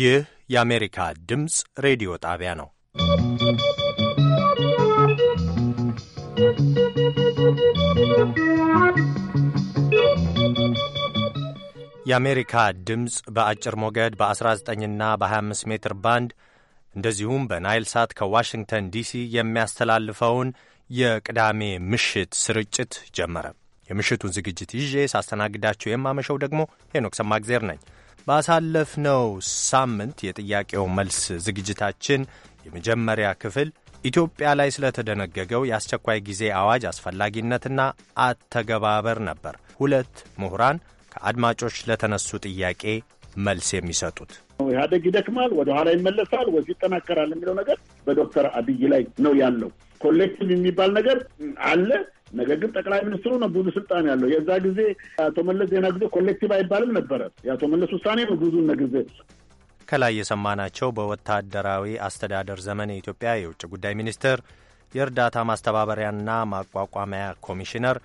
ይህ የአሜሪካ ድምፅ ሬዲዮ ጣቢያ ነው። የአሜሪካ ድምፅ በአጭር ሞገድ በ19ና በ25 ሜትር ባንድ እንደዚሁም በናይል ሳት ከዋሽንግተን ዲሲ የሚያስተላልፈውን የቅዳሜ ምሽት ስርጭት ጀመረ። የምሽቱን ዝግጅት ይዤ ሳስተናግዳችሁ የማመሸው ደግሞ ሄኖክ ሰማግዜር ነኝ። ባሳለፍነው ሳምንት የጥያቄው መልስ ዝግጅታችን የመጀመሪያ ክፍል ኢትዮጵያ ላይ ስለተደነገገው የአስቸኳይ ጊዜ አዋጅ አስፈላጊነትና አተገባበር ነበር። ሁለት ምሁራን ከአድማጮች ለተነሱ ጥያቄ መልስ የሚሰጡት ኢህአዴግ ይደክማል፣ ወደኋላ ይመለሳል፣ ወይስ ይጠናከራል የሚለው ነገር በዶክተር አብይ ላይ ነው ያለው። ኮሌክቲቭ የሚባል ነገር አለ። ነገር ግን ጠቅላይ ሚኒስትሩ ነው ብዙ ስልጣን ያለው። የዛ ጊዜ አቶ መለስ ዜና ጊዜ ኮሌክቲቭ አይባልም ነበረ። የአቶ መለስ ውሳኔ ነው ብዙ ጊዜ ከላይ የሰማናቸው በወታደራዊ አስተዳደር ዘመን የኢትዮጵያ የውጭ ጉዳይ ሚኒስትር የእርዳታ ማስተባበሪያና ማቋቋሚያ ኮሚሽነር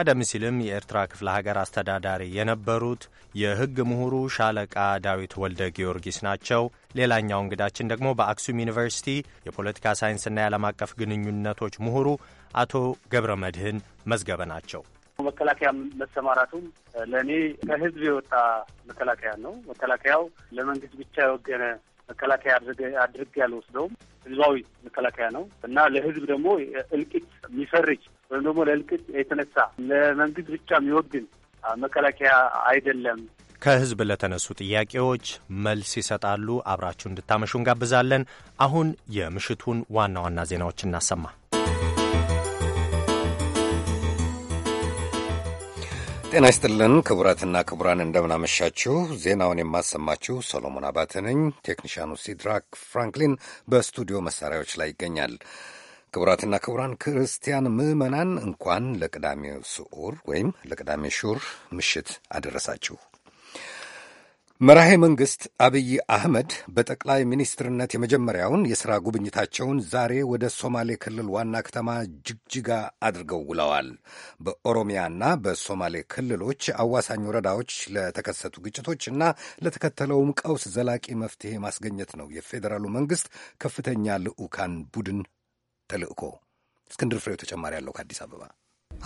ቀደም ሲልም የኤርትራ ክፍለ ሀገር አስተዳዳሪ የነበሩት የሕግ ምሁሩ ሻለቃ ዳዊት ወልደ ጊዮርጊስ ናቸው። ሌላኛው እንግዳችን ደግሞ በአክሱም ዩኒቨርሲቲ የፖለቲካ ሳይንስና የዓለም አቀፍ ግንኙነቶች ምሁሩ አቶ ገብረ መድህን መዝገበ ናቸው። መከላከያ መሰማራቱም ለእኔ ከህዝብ የወጣ መከላከያ ነው። መከላከያው ለመንግስት ብቻ የወገነ መከላከያ ያለ ወስደውም ህዝባዊ መከላከያ ነው እና ለህዝብ ደግሞ እልቂት የሚፈርጅ ወይም ደግሞ ለእልቂት የተነሳ ለመንግስት ብቻ የሚወግን መከላከያ አይደለም። ከህዝብ ለተነሱ ጥያቄዎች መልስ ይሰጣሉ። አብራችሁ እንድታመሹ እንጋብዛለን። አሁን የምሽቱን ዋና ዋና ዜናዎች እናሰማ። ጤና ይስጥልን ክቡራትና ክቡራን፣ እንደምናመሻችሁ። ዜናውን የማሰማችሁ ሰሎሞን አባተ ነኝ። ቴክኒሻኑ ሲድራክ ፍራንክሊን በስቱዲዮ መሳሪያዎች ላይ ይገኛል። ክቡራትና ክቡራን፣ ክርስቲያን ምዕመናን እንኳን ለቅዳሜ ስዑር ወይም ለቅዳሜ ሹር ምሽት አደረሳችሁ። መራሄ መንግሥት አብይ አህመድ በጠቅላይ ሚኒስትርነት የመጀመሪያውን የሥራ ጉብኝታቸውን ዛሬ ወደ ሶማሌ ክልል ዋና ከተማ ጅግጅጋ አድርገው ውለዋል። በኦሮሚያና በሶማሌ ክልሎች አዋሳኝ ወረዳዎች ለተከሰቱ ግጭቶች እና ለተከተለውም ቀውስ ዘላቂ መፍትሄ ማስገኘት ነው የፌዴራሉ መንግሥት ከፍተኛ ልዑካን ቡድን ተልዕኮ። እስክንድር ፍሬው ተጨማሪ አለው ከአዲስ አበባ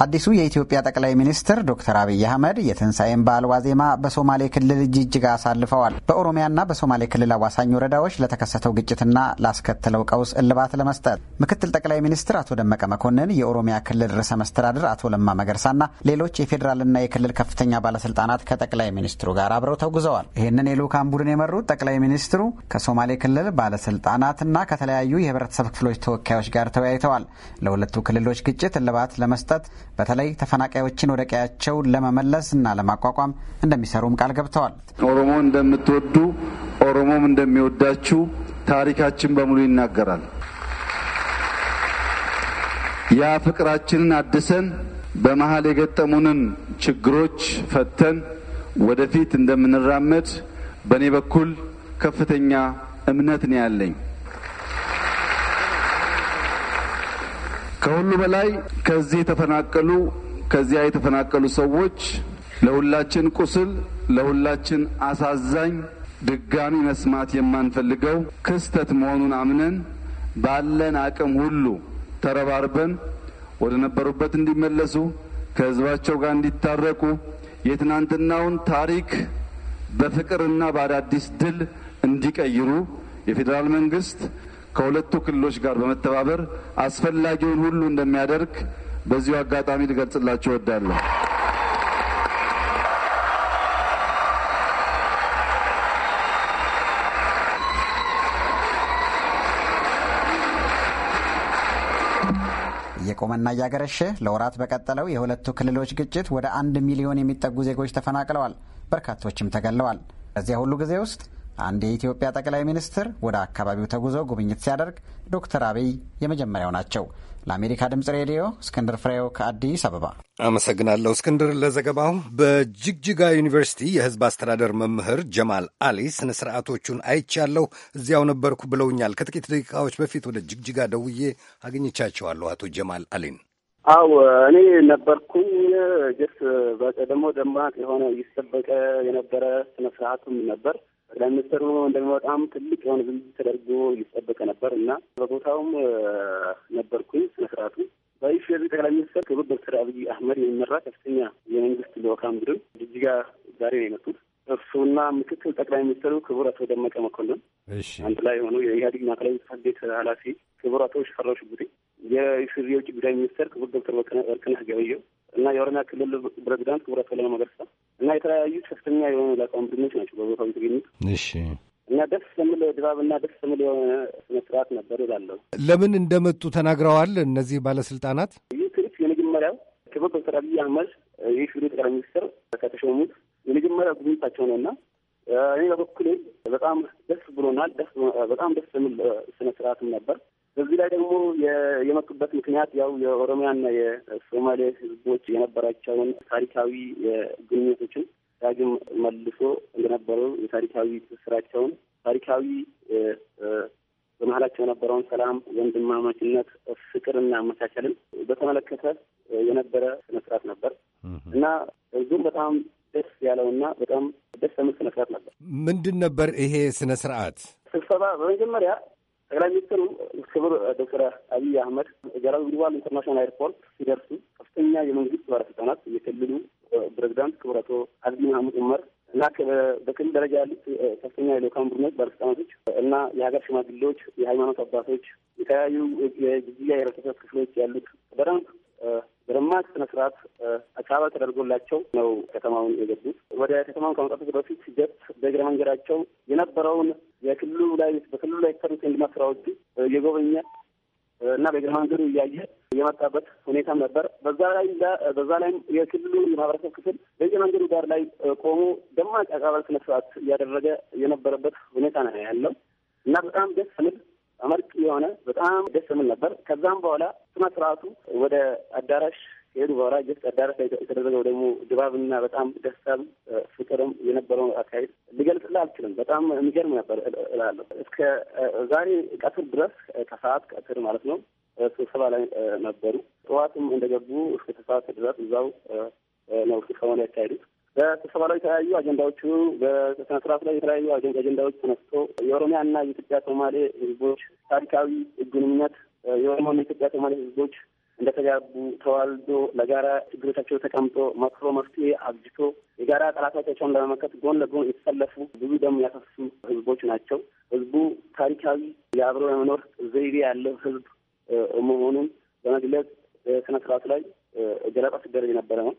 አዲሱ የኢትዮጵያ ጠቅላይ ሚኒስትር ዶክተር አብይ አህመድ የትንሣኤን በዓል ዋዜማ በሶማሌ ክልል ጅጅጋ አሳልፈዋል። በኦሮሚያና በሶማሌ ክልል አዋሳኝ ወረዳዎች ለተከሰተው ግጭትና ላስከተለው ቀውስ እልባት ለመስጠት ምክትል ጠቅላይ ሚኒስትር አቶ ደመቀ መኮንን፣ የኦሮሚያ ክልል ርዕሰ መስተዳድር አቶ ለማ መገርሳና ሌሎች የፌዴራልና የክልል ከፍተኛ ባለስልጣናት ከጠቅላይ ሚኒስትሩ ጋር አብረው ተጉዘዋል። ይህንን የልዑካን ቡድን የመሩት ጠቅላይ ሚኒስትሩ ከሶማሌ ክልል ባለስልጣናትና ከተለያዩ የህብረተሰብ ክፍሎች ተወካዮች ጋር ተወያይተዋል። ለሁለቱ ክልሎች ግጭት እልባት ለመስጠት በተለይ ተፈናቃዮችን ወደ ቀያቸው ለመመለስ እና ለማቋቋም እንደሚሰሩም ቃል ገብተዋል። ኦሮሞ እንደምትወዱ ኦሮሞም እንደሚወዳችሁ ታሪካችን በሙሉ ይናገራል። ያ ፍቅራችንን አድሰን በመሀል የገጠሙንን ችግሮች ፈተን ወደፊት እንደምንራመድ በእኔ በኩል ከፍተኛ እምነት ነው ያለኝ። ከሁሉ በላይ ከዚህ የተፈናቀሉ ከዚያ የተፈናቀሉ ሰዎች ለሁላችን ቁስል ለሁላችን አሳዛኝ ድጋሚ መስማት የማንፈልገው ክስተት መሆኑን አምነን ባለን አቅም ሁሉ ተረባርበን ወደ ነበሩበት እንዲመለሱ ከህዝባቸው ጋር እንዲታረቁ የትናንትናውን ታሪክ በፍቅርና በአዳዲስ ድል እንዲቀይሩ የፌዴራል መንግስት ከሁለቱ ክልሎች ጋር በመተባበር አስፈላጊውን ሁሉ እንደሚያደርግ በዚሁ አጋጣሚ ልገልጽላቸው እወዳለሁ። እየቆመና እያገረሸ ለወራት በቀጠለው የሁለቱ ክልሎች ግጭት ወደ አንድ ሚሊዮን የሚጠጉ ዜጎች ተፈናቅለዋል፣ በርካቶችም ተገለዋል። በዚያ ሁሉ ጊዜ ውስጥ አንድ የኢትዮጵያ ጠቅላይ ሚኒስትር ወደ አካባቢው ተጉዞ ጉብኝት ሲያደርግ ዶክተር አብይ የመጀመሪያው ናቸው። ለአሜሪካ ድምፅ ሬዲዮ እስክንድር ፍሬው ከአዲስ አበባ አመሰግናለሁ። እስክንድር ለዘገባው። በጅግጅጋ ዩኒቨርሲቲ የህዝብ አስተዳደር መምህር ጀማል አሊ ስነ ስርዓቶቹን አይቻለሁ፣ እዚያው ነበርኩ ብለውኛል። ከጥቂት ደቂቃዎች በፊት ወደ ጅግጅጋ ደውዬ አገኝቻቸዋለሁ አቶ ጀማል አሊን። አው እኔ ነበርኩኝ። ጀስ በቀደሞ ደማቅ የሆነ ይጠበቀ የነበረ ስነ ስርዓቱም ነበር ጠቅላይ ሚኒስትሩ እንደሚወጣም ትልቅ የሆነ ዝግጅት ተደርጎ እየተጠበቀ ነበር እና በቦታውም ነበርኩኝ። ስነስርዓቱ የዚህ ጠቅላይ ሚኒስትር ክቡር ዶክተር አብይ አህመድ የሚመራ ከፍተኛ የመንግስት ልዑካን ቡድን ጅጅጋ ዛሬ ነው የመጡት። እሱና ምክትል ጠቅላይ ሚኒስትሩ ክቡር አቶ ደመቀ መኮንን አንድ ላይ የሆኑ የኢህአዴግ ማዕከላዊ ጽሕፈት ቤት ኃላፊ ክቡር አቶ ሽፈራው ሽጉጤ፣ የኢፌዴሪ የውጭ ጉዳይ ሚኒስትር ክቡር ዶክተር ወርቅነህ ገበየሁ እና የኦሮሚያ ክልል ፕሬዚዳንት ክቡራት ቀለማ መገርሳ እና የተለያዩ ከፍተኛ የሆኑ ላቋም ቡድኖች ናቸው በቦታው የተገኙት። እሺ እና ደስ የሚል ድባብ እና ደስ የሚል የሆነ ስነ ስርዓት ነበር ይላለሁ። ለምን እንደመጡ ተናግረዋል እነዚህ ባለስልጣናት። ይህ ትርኢት የመጀመሪያው ክቡር ዶክተር አብይ አህመድ ይህ ፊሉ ጠቅላይ ሚኒስትር ከተሾሙት የመጀመሪያ ጉብኝታቸው ነው እና እኔ በበኩሌ በጣም ደስ ብሎናል። በጣም ደስ የሚል ስነ ስርዓትም ነበር። በዚህ ላይ ደግሞ የመጡበት ምክንያት ያው የኦሮሚያና የሶማሌ ህዝቦች የነበራቸውን ታሪካዊ ግንኙነቶችን ዳግም መልሶ እንደነበረው የታሪካዊ ትስስራቸውን ታሪካዊ በመሀላቸው የነበረውን ሰላም፣ ወንድማማችነት፣ ፍቅርና መቻቻልን በተመለከተ የነበረ ስነስርዓት ነበር እና እዚሁም በጣም ደስ ያለውና በጣም ደስ የሚል ስነስርዓት ነበር። ምንድን ነበር ይሄ ስነስርዓት ስብሰባ? በመጀመሪያ ጠቅላይ ሚኒስትሩ ክብር ዶክተር አብይ አህመድ ጀራዊ ግሎባል ኢንተርናሽናል ኤርፖርት ሲደርሱ ከፍተኛ የመንግስት ባለስልጣናት፣ የክልሉ ፕሬዚዳንት ክብር አቶ አብዲ መሀመድ ዑመር እና በክልል ደረጃ ያሉት ከፍተኛ የልኡካን ቡድኖች ባለስልጣናቶች እና የሀገር ሽማግሌዎች፣ የሃይማኖት አባቶች፣ የተለያዩ የጊዜያ የህብረተሰብ ክፍሎች ያሉት በደንብ በደማቅ ስነ ስርዓት አቀባበል ተደርጎላቸው ነው ከተማውን የገቡት። ወደ ከተማውን ከመጣቱ በፊት ጀት በእግረ መንገዳቸው የነበረውን የክልሉ ላይ በክልሉ ላይ የተሰሩት የልማት ስራዎች የጎበኘ እና በእግረ መንገዱ እያየ የመጣበት ሁኔታም ነበር። በዛ ላይ በዛ ላይም የክልሉ የማህበረሰብ ክፍል በእግረ መንገዱ ዳር ላይ ቆሞ ደማቅ አቀባበል ስነ ስርዓት እያደረገ የነበረበት ሁኔታ ነው ያለው እና በጣም ደስ የሚል አመርቂ የሆነ በጣም ደስ የሚል ነበር። ከዛም በኋላ ስነ ስርዓቱ ወደ አዳራሽ ከሄዱ በኋላ ጀስት አዳራሽ ላይ የተደረገው ደግሞ ድባብና በጣም ደስታም ፍቅርም የነበረውን አካሄድ ሊገልጽልህ አልችልም። በጣም የሚገርም ነበር እላለሁ። እስከ ዛሬ ቀትር ድረስ ከሰዓት ቀትር ማለት ነው ስብሰባ ላይ ነበሩ። ጠዋትም እንደገቡ እስከ ተሰዓት ድረስ እዛው ነው ስብሰባውን ያካሄዱት። በስብሰባ ላይ የተለያዩ አጀንዳዎቹ በስነ ስርዓቱ ላይ የተለያዩ አጀንዳዎች ተነስቶ የኦሮሚያና የኢትዮጵያ ሶማሌ ህዝቦች ታሪካዊ ግንኙነት የኦሮሞና የኢትዮጵያ ሶማሌ ህዝቦች እንደተጋቡ ተዋልዶ ለጋራ ችግሮቻቸው ተቀምጦ መክሮ መፍትሄ አብጅቶ የጋራ ጠላቶቻቸውን ለመመከት ጎን ለጎን የተሰለፉ ብዙ ደም ያፈሱ ህዝቦች ናቸው። ህዝቡ ታሪካዊ የአብሮ የመኖር ዘይቤ ያለው ህዝብ መሆኑን በመግለጽ ስነ ስርዓቱ ላይ ገለጻ ሲደረግ የነበረ ነው።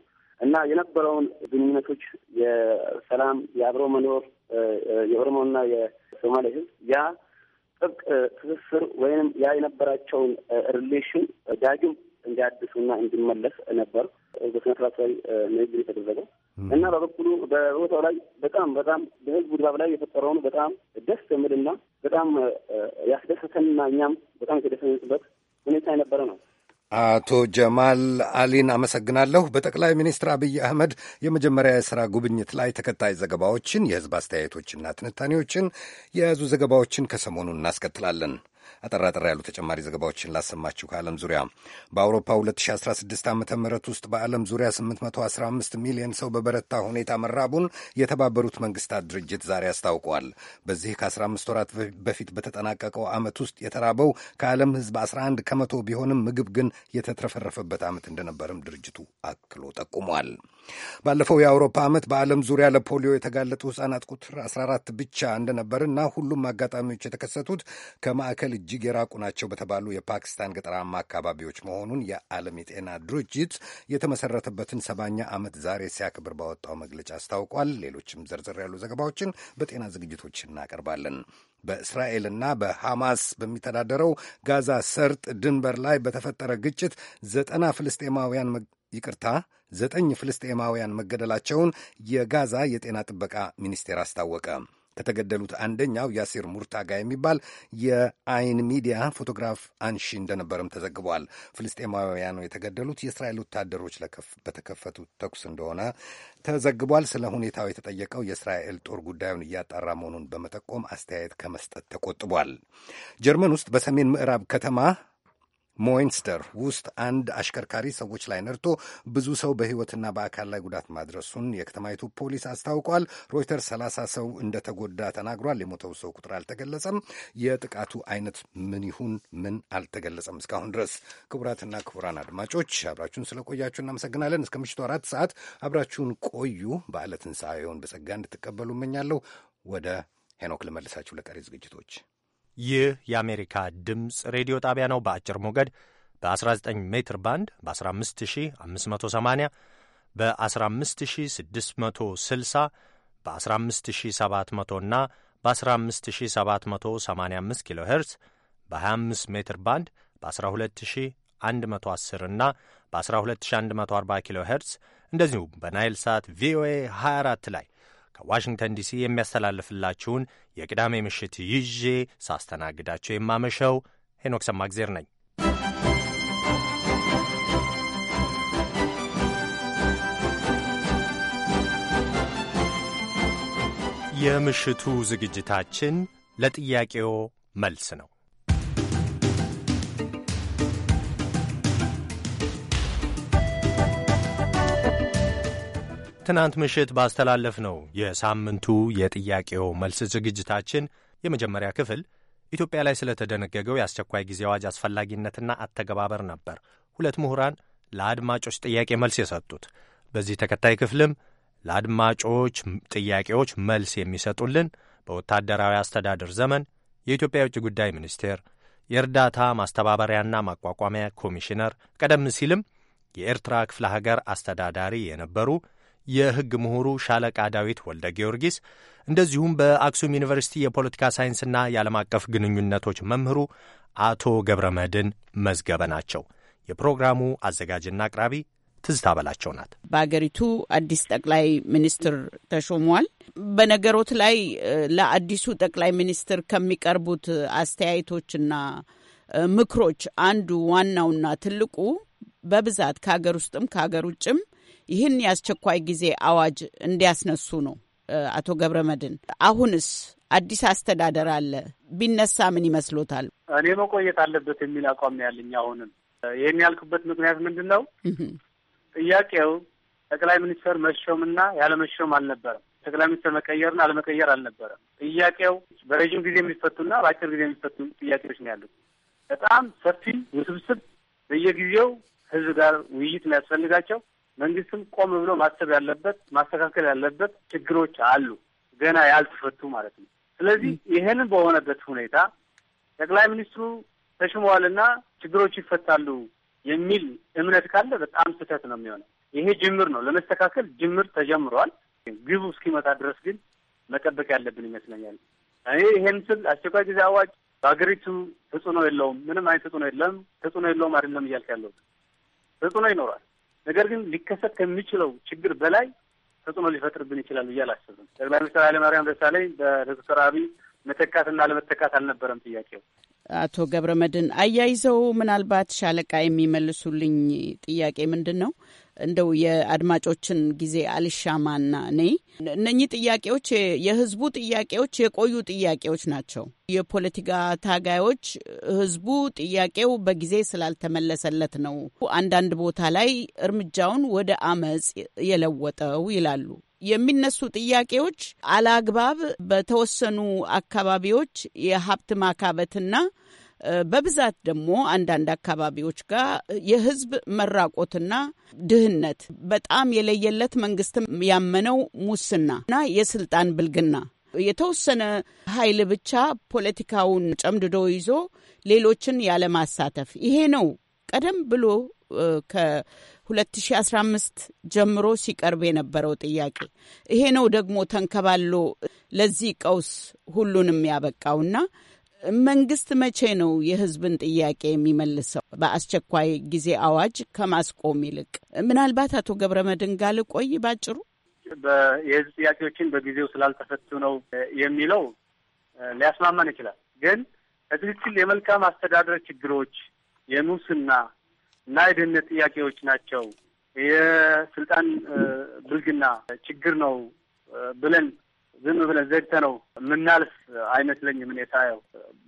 እና የነበረውን ግንኙነቶች የሰላም የአብሮ መኖር የኦሮሞና የሶማሌ ህዝብ ያ ጥብቅ ትስስር ወይም ያ የነበራቸውን ሪሌሽን ዳግም እንዲያድሱና እንዲመለስ ነበር በስነ ስርዓት ላይ ንግግር የተደረገው እና በበኩሉ በቦታው ላይ በጣም በጣም በህዝቡ ድባብ ላይ የፈጠረውን በጣም ደስ የሚልና በጣም ያስደሰተንና እኛም በጣም የተደሰንበት ሁኔታ የነበረ ነው። አቶ ጀማል አሊን አመሰግናለሁ። በጠቅላይ ሚኒስትር አብይ አህመድ የመጀመሪያ የሥራ ጉብኝት ላይ ተከታይ ዘገባዎችን፣ የሕዝብ አስተያየቶችና ትንታኔዎችን የያዙ ዘገባዎችን ከሰሞኑ እናስከትላለን። አጠራጠር ያሉ ተጨማሪ ዘገባዎችን ላሰማችሁ። ከዓለም ዙሪያ በአውሮፓ 2016 ዓ ም ውስጥ በዓለም ዙሪያ 815 ሚሊዮን ሰው በበረታ ሁኔታ መራቡን የተባበሩት መንግስታት ድርጅት ዛሬ አስታውቋል። በዚህ ከ15 ወራት በፊት በተጠናቀቀው ዓመት ውስጥ የተራበው ከዓለም ህዝብ 11 ከመቶ ቢሆንም ምግብ ግን የተትረፈረፈበት ዓመት እንደነበርም ድርጅቱ አክሎ ጠቁሟል። ባለፈው የአውሮፓ ዓመት በዓለም ዙሪያ ለፖሊዮ የተጋለጡ ህፃናት ቁጥር 14 ብቻ እንደነበርና ሁሉም አጋጣሚዎች የተከሰቱት ከማዕከል እጅግ የራቁ ናቸው በተባሉ የፓኪስታን ገጠራማ አካባቢዎች መሆኑን የዓለም የጤና ድርጅት የተመሰረተበትን ሰባኛ ዓመት ዛሬ ሲያክብር ባወጣው መግለጫ አስታውቋል። ሌሎችም ዘርዘር ያሉ ዘገባዎችን በጤና ዝግጅቶች እናቀርባለን። በእስራኤልና በሐማስ በሚተዳደረው ጋዛ ሰርጥ ድንበር ላይ በተፈጠረ ግጭት ዘጠና ፍልስጤማውያን ይቅርታ ዘጠኝ ፍልስጤማውያን መገደላቸውን የጋዛ የጤና ጥበቃ ሚኒስቴር አስታወቀ። ከተገደሉት አንደኛው ያሲር ሙርታጋ የሚባል የአይን ሚዲያ ፎቶግራፍ አንሺ እንደነበረም ተዘግቧል። ፍልስጤማውያኑ የተገደሉት የእስራኤል ወታደሮች በተከፈቱ ተኩስ እንደሆነ ተዘግቧል። ስለ ሁኔታው የተጠየቀው የእስራኤል ጦር ጉዳዩን እያጣራ መሆኑን በመጠቆም አስተያየት ከመስጠት ተቆጥቧል። ጀርመን ውስጥ በሰሜን ምዕራብ ከተማ ሞይንስተር ውስጥ አንድ አሽከርካሪ ሰዎች ላይ ነድቶ ብዙ ሰው በሕይወትና በአካል ላይ ጉዳት ማድረሱን የከተማይቱ ፖሊስ አስታውቋል። ሮይተርስ ሰላሳ ሰው እንደተጎዳ ተናግሯል። የሞተው ሰው ቁጥር አልተገለጸም። የጥቃቱ አይነት ምን ይሁን ምን አልተገለጸም እስካሁን ድረስ። ክቡራትና ክቡራን አድማጮች አብራችሁን ስለቆያችሁ እናመሰግናለን። እስከ ምሽቱ አራት ሰዓት አብራችሁን ቆዩ። በዓለ ትንሣኤውን በጸጋ እንድትቀበሉ እመኛለሁ። ወደ ሄኖክ ልመልሳችሁ ለቀሪ ዝግጅቶች ይህ የአሜሪካ ድምፅ ሬዲዮ ጣቢያ ነው። በአጭር ሞገድ በ19 ሜትር ባንድ በ15580 በ15660 በ15700 እና በ15785 ኪሎ ሄርትስ በ25 ሜትር ባንድ በ12110 እና በ12140 ኪሎ ሄርትስ እንደዚሁም በናይል ሳት ቪኦኤ 24 ላይ ከዋሽንግተን ዲሲ የሚያስተላልፍላችሁን የቅዳሜ ምሽት ይዤ ሳስተናግዳቸው የማመሸው ሄኖክ ሰማግዜር ነኝ። የምሽቱ ዝግጅታችን ለጥያቄዎ መልስ ነው። ትናንት ምሽት ባስተላለፍ ነው የሳምንቱ የጥያቄው መልስ ዝግጅታችን የመጀመሪያ ክፍል ኢትዮጵያ ላይ ስለተደነገገው የአስቸኳይ ጊዜ አዋጅ አስፈላጊነትና አተገባበር ነበር ሁለት ምሁራን ለአድማጮች ጥያቄ መልስ የሰጡት። በዚህ ተከታይ ክፍልም ለአድማጮች ጥያቄዎች መልስ የሚሰጡልን በወታደራዊ አስተዳደር ዘመን የኢትዮጵያ የውጭ ጉዳይ ሚኒስቴር፣ የእርዳታ ማስተባበሪያና ማቋቋሚያ ኮሚሽነር፣ ቀደም ሲልም የኤርትራ ክፍለ ሀገር አስተዳዳሪ የነበሩ የሕግ ምሁሩ ሻለቃ ዳዊት ወልደ ጊዮርጊስ እንደዚሁም በአክሱም ዩኒቨርሲቲ የፖለቲካ ሳይንስና የዓለም አቀፍ ግንኙነቶች መምህሩ አቶ ገብረ መድን መዝገበ ናቸው። የፕሮግራሙ አዘጋጅና አቅራቢ ትዝታ በላቸው ናት። በሀገሪቱ አዲስ ጠቅላይ ሚኒስትር ተሾሟል። በነገሮት ላይ ለአዲሱ ጠቅላይ ሚኒስትር ከሚቀርቡት አስተያየቶችና ምክሮች አንዱ ዋናውና ትልቁ በብዛት ከሀገር ውስጥም ከሀገር ውጭም ይህን የአስቸኳይ ጊዜ አዋጅ እንዲያስነሱ ነው። አቶ ገብረ መድን አሁንስ አዲስ አስተዳደር አለ፣ ቢነሳ ምን ይመስሎታል? እኔ መቆየት አለበት የሚል አቋም ያለኝ አሁንም። ይህን ያልኩበት ምክንያት ምንድን ነው? ጥያቄው ጠቅላይ ሚኒስትር መሾምና ያለመሾም አልነበረም። ጠቅላይ ሚኒስትር መቀየርና አለመቀየር አልነበረም። ጥያቄው በረዥም ጊዜ የሚፈቱና በአጭር ጊዜ የሚፈቱ ጥያቄዎች ነው ያሉት። በጣም ሰፊ ውስብስብ፣ በየጊዜው ህዝብ ጋር ውይይት የሚያስፈልጋቸው መንግስትም ቆም ብሎ ማሰብ ያለበት ማስተካከል ያለበት ችግሮች አሉ ገና ያልተፈቱ ማለት ነው። ስለዚህ ይህንን በሆነበት ሁኔታ ጠቅላይ ሚኒስትሩ ተሽመዋልና ችግሮች ይፈታሉ የሚል እምነት ካለ በጣም ስህተት ነው የሚሆነው። ይሄ ጅምር ነው ለመስተካከል ጅምር ተጀምሯል። ግቡ እስኪመጣ ድረስ ግን መጠበቅ ያለብን ይመስለኛል። እኔ ይሄን ስል አስቸኳይ ጊዜ አዋጅ በሀገሪቱ ተጽዕኖ የለውም፣ ምንም አይነት ተጽዕኖ የለም፣ ተጽዕኖ የለውም አይደለም እያልክ ያለው ተጽዕኖ ይኖራል። ነገር ግን ሊከሰት ከሚችለው ችግር በላይ ተጽዕኖ ሊፈጥርብን ይችላል ብዬ አላስብም። ጠቅላይ ሚኒስትር ኃይለማርያም ደሳለኝ በዶክተር አብይ መተካትና ለመተካት አልነበረም ጥያቄው። አቶ ገብረ መድን አያይዘው ምናልባት ሻለቃ የሚመልሱልኝ ጥያቄ ምንድን ነው እንደው የአድማጮችን ጊዜ አልሻማና እኔ እነኚህ ጥያቄዎች የህዝቡ ጥያቄዎች የቆዩ ጥያቄዎች ናቸው። የፖለቲካ ታጋዮች ህዝቡ ጥያቄው በጊዜ ስላልተመለሰለት ነው አንዳንድ ቦታ ላይ እርምጃውን ወደ አመፅ የለወጠው ይላሉ። የሚነሱ ጥያቄዎች አላግባብ በተወሰኑ አካባቢዎች የሀብት ማካበትና በብዛት ደግሞ አንዳንድ አካባቢዎች ጋር የህዝብ መራቆትና ድህነት በጣም የለየለት መንግስትም ያመነው ሙስና እና የስልጣን ብልግና የተወሰነ ኃይል ብቻ ፖለቲካውን ጨምድዶ ይዞ ሌሎችን ያለማሳተፍ ይሄ ነው ቀደም ብሎ ከ2015 ጀምሮ ሲቀርብ የነበረው ጥያቄ ይሄ ነው ደግሞ ተንከባሎ ለዚህ ቀውስ ሁሉንም ያበቃውና መንግስት መቼ ነው የህዝብን ጥያቄ የሚመልሰው? በአስቸኳይ ጊዜ አዋጅ ከማስቆም ይልቅ ምናልባት አቶ ገብረ መድን ጋር ልቆይ ባጭሩ የህዝብ ጥያቄዎችን በጊዜው ስላልተፈቱ ነው የሚለው ሊያስማማን ይችላል። ግን በትክክል የመልካም አስተዳደር ችግሮች፣ የሙስና እና የድህነት ጥያቄዎች ናቸው፣ የስልጣን ብልግና ችግር ነው ብለን ዝም ብለን ዘግተ ነው የምናልፍ አይመስለኝም። እኔ ሳየው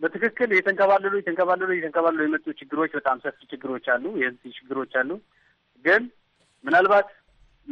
በትክክል የተንከባለሉ የተንከባለሉ የተንከባለሉ የመጡ ችግሮች በጣም ሰፊ ችግሮች አሉ፣ የህዝብ ችግሮች አሉ። ግን ምናልባት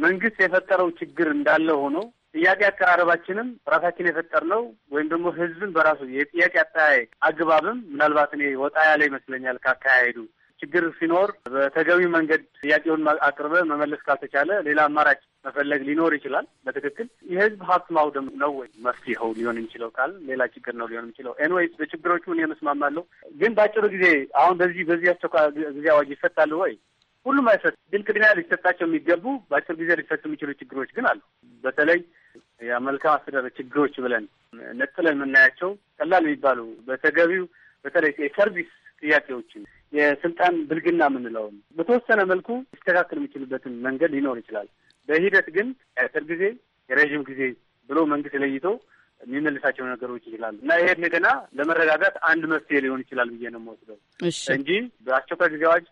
መንግስት የፈጠረው ችግር እንዳለ ሆኖ ጥያቄ አቀራረባችንም ራሳችን የፈጠር ነው ወይም ደግሞ ህዝብን በራሱ የጥያቄ አጠያየቅ አግባብም ምናልባት እኔ ወጣ ያለ ይመስለኛል ከአካሄዱ ችግር ሲኖር በተገቢ መንገድ ጥያቄውን አቅርበ መመለስ ካልተቻለ ሌላ አማራጭ መፈለግ ሊኖር ይችላል። በትክክል የህዝብ ሀብት ማውደም ነው ወይ መፍትሄው ሊሆን የሚችለው ቃል ሌላ ችግር ነው ሊሆን የሚችለው። ኤንዌይስ በችግሮቹ እኔ መስማማለሁ፣ ግን በአጭሩ ጊዜ አሁን በዚህ በዚህ አስቸኳይ ጊዜ አዋጅ ይፈታሉ ወይ? ሁሉም አይፈት ግን ቅድሚያ ሊሰጣቸው የሚገቡ በአጭር ጊዜ ሊፈቱ የሚችሉ ችግሮች ግን አሉ። በተለይ የመልካም አስተዳደር ችግሮች ብለን ነጥለን የምናያቸው ቀላል የሚባሉ በተገቢው በተለይ የሰርቪስ ጥያቄዎችን የስልጣን ብልግና የምንለው በተወሰነ መልኩ ሊስተካከል የሚችልበትን መንገድ ሊኖር ይችላል። በሂደት ግን የአጭር ጊዜ የረዥም ጊዜ ብሎ መንግስት ለይቶ የሚመልሳቸው ነገሮች ይችላሉ እና ይሄ እንደገና ለመረጋጋት አንድ መፍትሄ ሊሆን ይችላል ብዬ ነው የምወስደው እንጂ በአስቸኳይ ጊዜ አዋጅ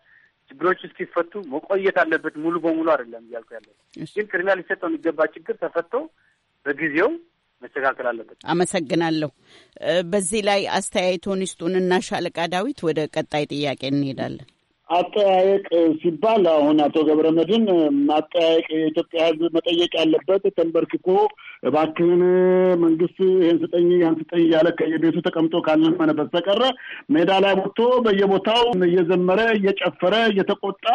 ችግሮች እስኪፈቱ መቆየት አለበት ሙሉ በሙሉ አይደለም እያልኩ ያለው ግን ቅድሚያ ሊሰጠው የሚገባ ችግር ተፈቶ በጊዜው መስተካከል አለበት። አመሰግናለሁ። በዚህ ላይ አስተያየቶን ይስጡንና ሻለቃ ዳዊት ወደ ቀጣይ ጥያቄ እንሄዳለን። አጠያየቅ ሲባል አሁን አቶ መድን ማጠያየቅ የኢትዮጵያ ሕዝብ መጠየቅ ያለበት ተንበርክኮ እባክህን መንግስት ይህን ስጠኝ ያን ስጠኝ እያለ ከየቤቱ ተቀምጦ ካልለመነ በስተቀረ ሜዳ ላይ ወጥቶ በየቦታው እየዘመረ እየጨፈረ እየተቆጣ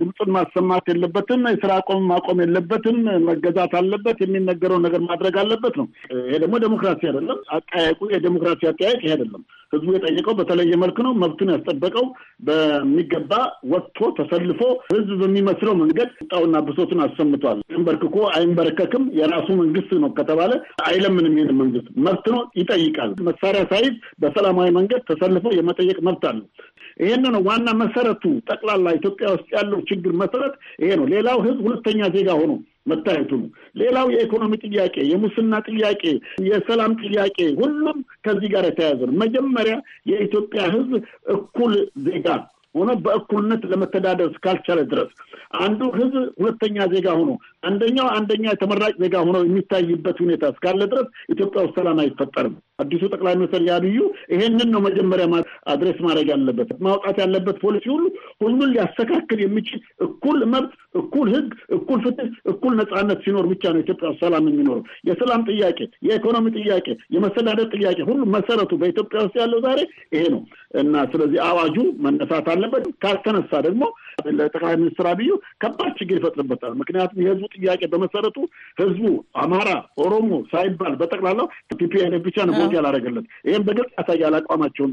ድምፁን ማሰማት የለበትም። የስራ አቆም ማቆም የለበትም። መገዛት አለበት። የሚነገረው ነገር ማድረግ አለበት ነው። ይሄ ደግሞ ዴሞክራሲ አይደለም። አጠያየቁ የዴሞክራሲ አጠያየቅ ይሄ አይደለም። ህዝቡ የጠየቀው በተለየ መልክ ነው። መብቱን ያስጠበቀው በሚገባ ወጥቶ ተሰልፎ ህዝብ በሚመስለው መንገድ ቁጣውና ብሶቱን አሰምቷል። ተንበርክኮ አይንበረከክም። የራሱ መንግስት ነው ከተባለ አይለምንም። ይህን መንግስት መብት ነው ይጠይቃል። መሳሪያ ሳይዝ በሰላማዊ መንገድ ተሰልፎ የመጠየቅ መብት አለ ይህን ነው ዋና መሰረቱ። ጠቅላላ ኢትዮጵያ ውስጥ ያለው ችግር መሰረት ይሄ ነው። ሌላው ህዝብ ሁለተኛ ዜጋ ሆኖ መታየቱ ነው። ሌላው የኢኮኖሚ ጥያቄ፣ የሙስና ጥያቄ፣ የሰላም ጥያቄ ሁሉም ከዚህ ጋር የተያያዘ ነው። መጀመሪያ የኢትዮጵያ ህዝብ እኩል ዜጋ ሆኖ በእኩልነት ለመተዳደር እስካልቻለ ድረስ አንዱ ህዝብ ሁለተኛ ዜጋ ሆኖ አንደኛው አንደኛ የተመራጭ ዜጋ ሆኖ የሚታይበት ሁኔታ እስካለ ድረስ ኢትዮጵያ ውስጥ ሰላም አይፈጠርም። አዲሱ ጠቅላይ ሚኒስትር ያልዩ ይሄንን ነው መጀመሪያ አድሬስ ማድረግ ያለበት። ማውጣት ያለበት ፖሊሲ ሁሉ ሁሉን ሊያስተካክል የሚችል እኩል መብት፣ እኩል ህግ፣ እኩል ፍትህ፣ እኩል ነጻነት ሲኖር ብቻ ነው ኢትዮጵያ ውስጥ ሰላም የሚኖረው። የሰላም ጥያቄ፣ የኢኮኖሚ ጥያቄ፣ የመስተዳደር ጥያቄ ሁሉ መሰረቱ በኢትዮጵያ ውስጥ ያለው ዛሬ ይሄ ነው እና ስለዚህ አዋጁ መነሳት አለ አለበት። ካልተነሳ ደግሞ ለጠቅላይ ሚኒስትር አብዩ ከባድ ችግር ይፈጥርበታል። ምክንያቱም የህዝቡ ጥያቄ በመሰረቱ ህዝቡ አማራ፣ ኦሮሞ ሳይባል በጠቅላላው ቲፒኤልኤፍ ብቻ ነው ቦት ያላረገለት። ይህም በግልጽ ያሳያል አቋማቸውን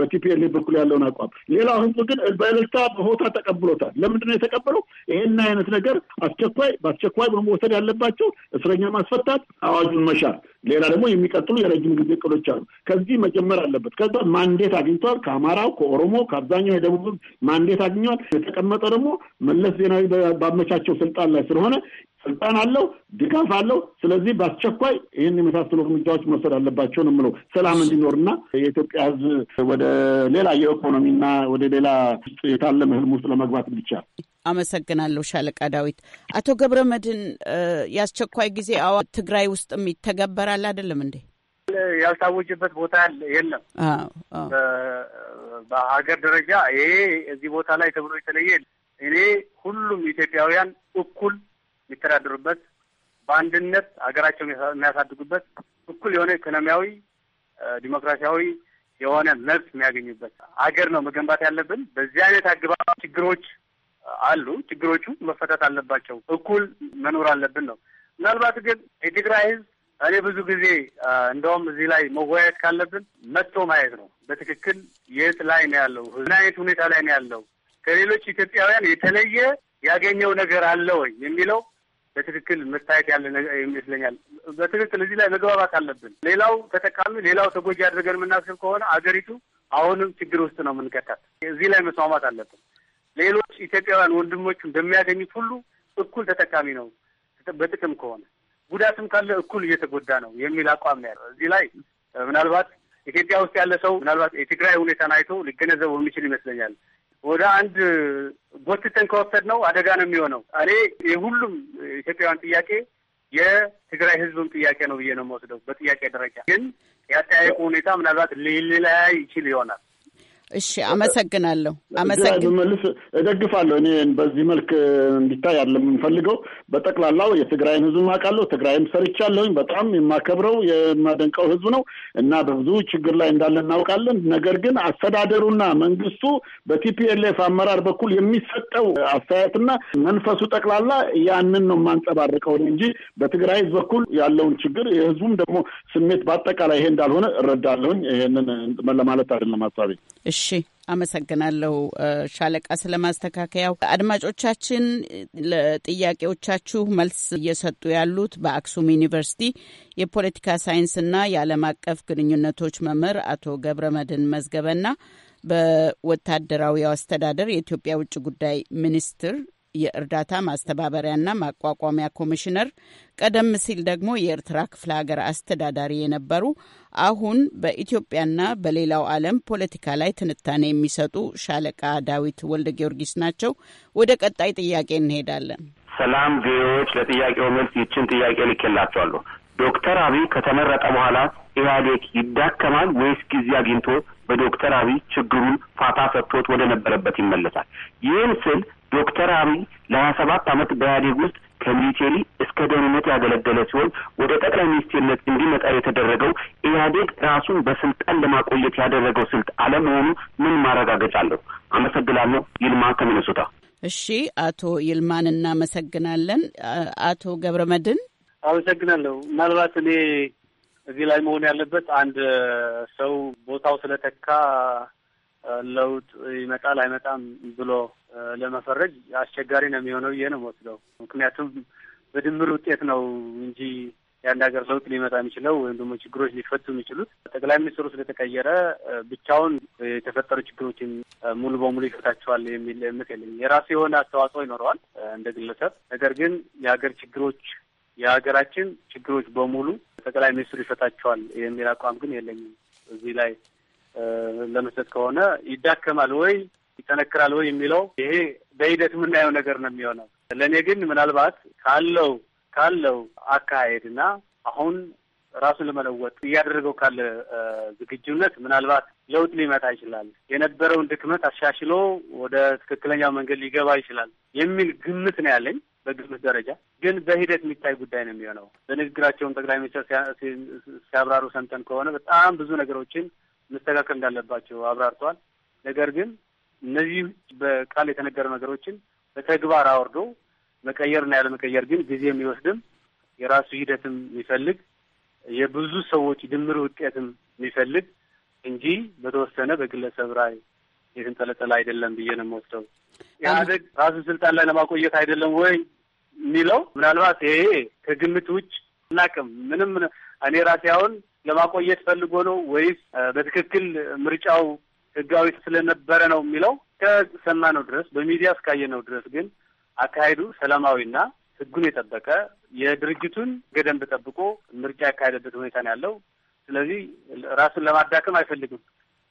በቲፒኤልኤፍ በኩል ያለውን አቋም። ሌላው ህዝቡ ግን በእልልታ በሆታ ተቀብሎታል። ለምንድነው የተቀበለው? ይህን አይነት ነገር አስቸኳይ በአስቸኳይ በመወሰድ ያለባቸው እስረኛ ማስፈታት፣ አዋጁን መሻር፣ ሌላ ደግሞ የሚቀጥሉ የረጅም ጊዜ እቅዶች አሉ። ከዚህ መጀመር አለበት። ከዛ ማንዴት አግኝቷል ከአማራው፣ ከኦሮሞ፣ ከአብዛኛው የደቡብ ህዝብ ማንዴት አግኘዋል። የተቀመጠ ደግሞ መለስ ዜናዊ ባመቻቸው ስልጣን ላይ ስለሆነ ስልጣን አለው፣ ድጋፍ አለው። ስለዚህ በአስቸኳይ ይህን የመሳሰሉ እርምጃዎች መውሰድ አለባቸው ነው የምለው ሰላም እንዲኖርና የኢትዮጵያ ህዝብ ወደ ሌላ የኢኮኖሚና ወደ ሌላ ውስጥ የታለመ ህልም ውስጥ ለመግባት እንዲቻል። አመሰግናለሁ ሻለቃ ዳዊት። አቶ ገብረ መድህን የአስቸኳይ ጊዜ አዋ ትግራይ ውስጥም ይተገበራል አይደለም እንዴ? ያልታወጀበት ቦታ የለም። በሀገር ደረጃ ይሄ እዚህ ቦታ ላይ ተብሎ የተለየ እኔ ሁሉም ኢትዮጵያውያን እኩል የሚተዳደሩበት በአንድነት ሀገራቸውን የሚያሳድጉበት እኩል የሆነ ኢኮኖሚያዊ ዲሞክራሲያዊ የሆነ መብት የሚያገኙበት ሀገር ነው መገንባት ያለብን። በዚህ አይነት አግባብ ችግሮች አሉ። ችግሮቹ መፈታት አለባቸው። እኩል መኖር አለብን ነው። ምናልባት ግን የትግራይ ህዝብ እኔ ብዙ ጊዜ እንደውም እዚህ ላይ መወያየት ካለብን መጥቶ ማየት ነው። በትክክል የት ላይ ነው ያለው? ምን አይነት ሁኔታ ላይ ነው ያለው? ከሌሎች ኢትዮጵያውያን የተለየ ያገኘው ነገር አለ ወይ የሚለው በትክክል መታየት ያለ ይመስለኛል። በትክክል እዚህ ላይ መግባባት አለብን። ሌላው ተጠቃሚ፣ ሌላው ተጎጂ አድርገን የምናስብ ከሆነ አገሪቱ አሁንም ችግር ውስጥ ነው የምንከታት። እዚህ ላይ መስማማት አለብን። ሌሎች ኢትዮጵያውያን ወንድሞቹ እንደሚያገኙት ሁሉ እኩል ተጠቃሚ ነው በጥቅም ከሆነ ጉዳትም ካለ እኩል እየተጎዳ ነው የሚል አቋም ነው ያለው። እዚህ ላይ ምናልባት ኢትዮጵያ ውስጥ ያለ ሰው ምናልባት የትግራይ ሁኔታን አይቶ ሊገነዘቡ የሚችል ይመስለኛል። ወደ አንድ ጎትተን ከወሰድ ነው አደጋ ነው የሚሆነው። እኔ የሁሉም ኢትዮጵያውያን ጥያቄ የትግራይ ህዝብም ጥያቄ ነው ብዬ ነው የምወስደው። በጥያቄ ደረጃ ግን ያጠያየቁ ሁኔታ ምናልባት ሊለያይ ይችል ይሆናል። እሺ፣ አመሰግናለሁ። አመሰግንመልስ እደግፋለሁ። እኔ በዚህ መልክ እንዲታይ ያለ የምንፈልገው በጠቅላላው የትግራይን ህዝብ ማውቃለሁ። ትግራይም ሰርቻለሁኝ። በጣም የማከብረው የማደንቀው ህዝብ ነው እና በብዙ ችግር ላይ እንዳለ እናውቃለን። ነገር ግን አስተዳደሩና መንግስቱ በቲፒኤልኤፍ አመራር በኩል የሚሰጠው አስተያየትና መንፈሱ ጠቅላላ ያንን ነው የማንጸባርቀው እንጂ በትግራይ ህዝብ በኩል ያለውን ችግር የህዝቡም ደግሞ ስሜት በአጠቃላይ ይሄ እንዳልሆነ እረዳለሁኝ። ይሄንን ለማለት አይደለም ሀሳቤ። እሺ አመሰግናለሁ ሻለቃ ስለ ማስተካከያው። አድማጮቻችን ለጥያቄዎቻችሁ መልስ እየሰጡ ያሉት በአክሱም ዩኒቨርሲቲ የፖለቲካ ሳይንስና የዓለም አቀፍ ግንኙነቶች መምህር አቶ ገብረ መድህን መዝገበና በወታደራዊ አስተዳደር የኢትዮጵያ ውጭ ጉዳይ ሚኒስትር የእርዳታ ማስተባበሪያና ማቋቋሚያ ኮሚሽነር፣ ቀደም ሲል ደግሞ የኤርትራ ክፍለ ሀገር አስተዳዳሪ የነበሩ አሁን በኢትዮጵያና በሌላው ዓለም ፖለቲካ ላይ ትንታኔ የሚሰጡ ሻለቃ ዳዊት ወልደ ጊዮርጊስ ናቸው። ወደ ቀጣይ ጥያቄ እንሄዳለን። ሰላም ቪዎች ለጥያቄው መልስ ይችን ጥያቄ ልኬላቸዋለሁ። ዶክተር አብይ ከተመረጠ በኋላ ኢህአዴግ ይዳከማል ወይስ ጊዜ አግኝቶ በዶክተር አብይ ችግሩን ፋታ ሰጥቶት ወደ ነበረበት ይመለሳል? ይህን ስል ዶክተር አብይ ለሀያ ሰባት ዓመት በኢህአዴግ ውስጥ ከሚሊቴሪ እስከ ደህንነት ያገለገለ ሲሆን ወደ ጠቅላይ ሚኒስትርነት እንዲመጣ የተደረገው ኢህአዴግ ራሱን በስልጣን ለማቆየት ያደረገው ስልት አለመሆኑ ምን ማረጋገጫ አለሁ? አመሰግናለሁ። ይልማ ከሚነሱታ። እሺ፣ አቶ ይልማን እናመሰግናለን። አቶ ገብረ መድን አመሰግናለሁ። ምናልባት እኔ እዚህ ላይ መሆን ያለበት አንድ ሰው ቦታው ስለተካ ለውጥ ይመጣል አይመጣም ብሎ ለመፈረጅ አስቸጋሪ ነው የሚሆነው ብዬ ነው ወስደው። ምክንያቱም በድምር ውጤት ነው እንጂ የአንድ ሀገር ለውጥ ሊመጣ የሚችለው ወይም ደግሞ ችግሮች ሊፈቱ የሚችሉት ጠቅላይ ሚኒስትሩ ስለተቀየረ ብቻውን የተፈጠሩ ችግሮችን ሙሉ በሙሉ ይፈታቸዋል የሚል እምነት የለኝ። የራሱ የሆነ አስተዋጽኦ ይኖረዋል እንደ ግለሰብ። ነገር ግን የሀገር ችግሮች የሀገራችን ችግሮች በሙሉ ጠቅላይ ሚኒስትሩ ይፈታቸዋል የሚል አቋም ግን የለኝም። እዚህ ላይ ለመስጠት ከሆነ ይዳከማል ወይ ይጠነክራል ወይ የሚለው ይሄ በሂደት የምናየው ነገር ነው የሚሆነው። ለእኔ ግን ምናልባት ካለው ካለው እና አሁን ራሱን ለመለወጥ እያደረገው ካለ ዝግጁነት ምናልባት ለውጥ ሊመጣ ይችላል፣ የነበረውን ድክመት አሻሽሎ ወደ ትክክለኛው መንገድ ሊገባ ይችላል የሚል ግምት ነው ያለኝ። በግምት ደረጃ ግን በሂደት የሚታይ ጉዳይ ነው የሚሆነው። በንግግራቸውም ጠቅላይ ሚኒስትር ሲያብራሩ ሰምተን ከሆነ በጣም ብዙ ነገሮችን መስተካከል እንዳለባቸው አብራርተዋል። ነገር ግን እነዚህ በቃል የተነገረ ነገሮችን በተግባር አውርዶ መቀየርና መቀየር ግን ጊዜ የሚወስድም የራሱ ሂደትም የሚፈልግ የብዙ ሰዎች ድምር ውጤትም የሚፈልግ እንጂ በተወሰነ በግለሰብ ላይ የተንጠለጠለ አይደለም ብዬ ነው የምወስደው። ኢህአዴግ ራሱን ስልጣን ላይ ለማቆየት አይደለም ወይ የሚለው ምናልባት ይሄ ከግምት ውጭ አናውቅም። ምንም እኔ ራሴ አሁን ለማቆየት ፈልጎ ነው ወይስ በትክክል ምርጫው ህጋዊ ስለነበረ ነው የሚለው ነው ድረስ በሚዲያ ነው ድረስ ግን አካሄዱ ሰላማዊና ህጉን የጠበቀ የድርጅቱን ገደንብ ጠብቆ ምርጫ ያካሄደበት ሁኔታ ነው ያለው። ስለዚህ ራሱን ለማዳከም አይፈልግም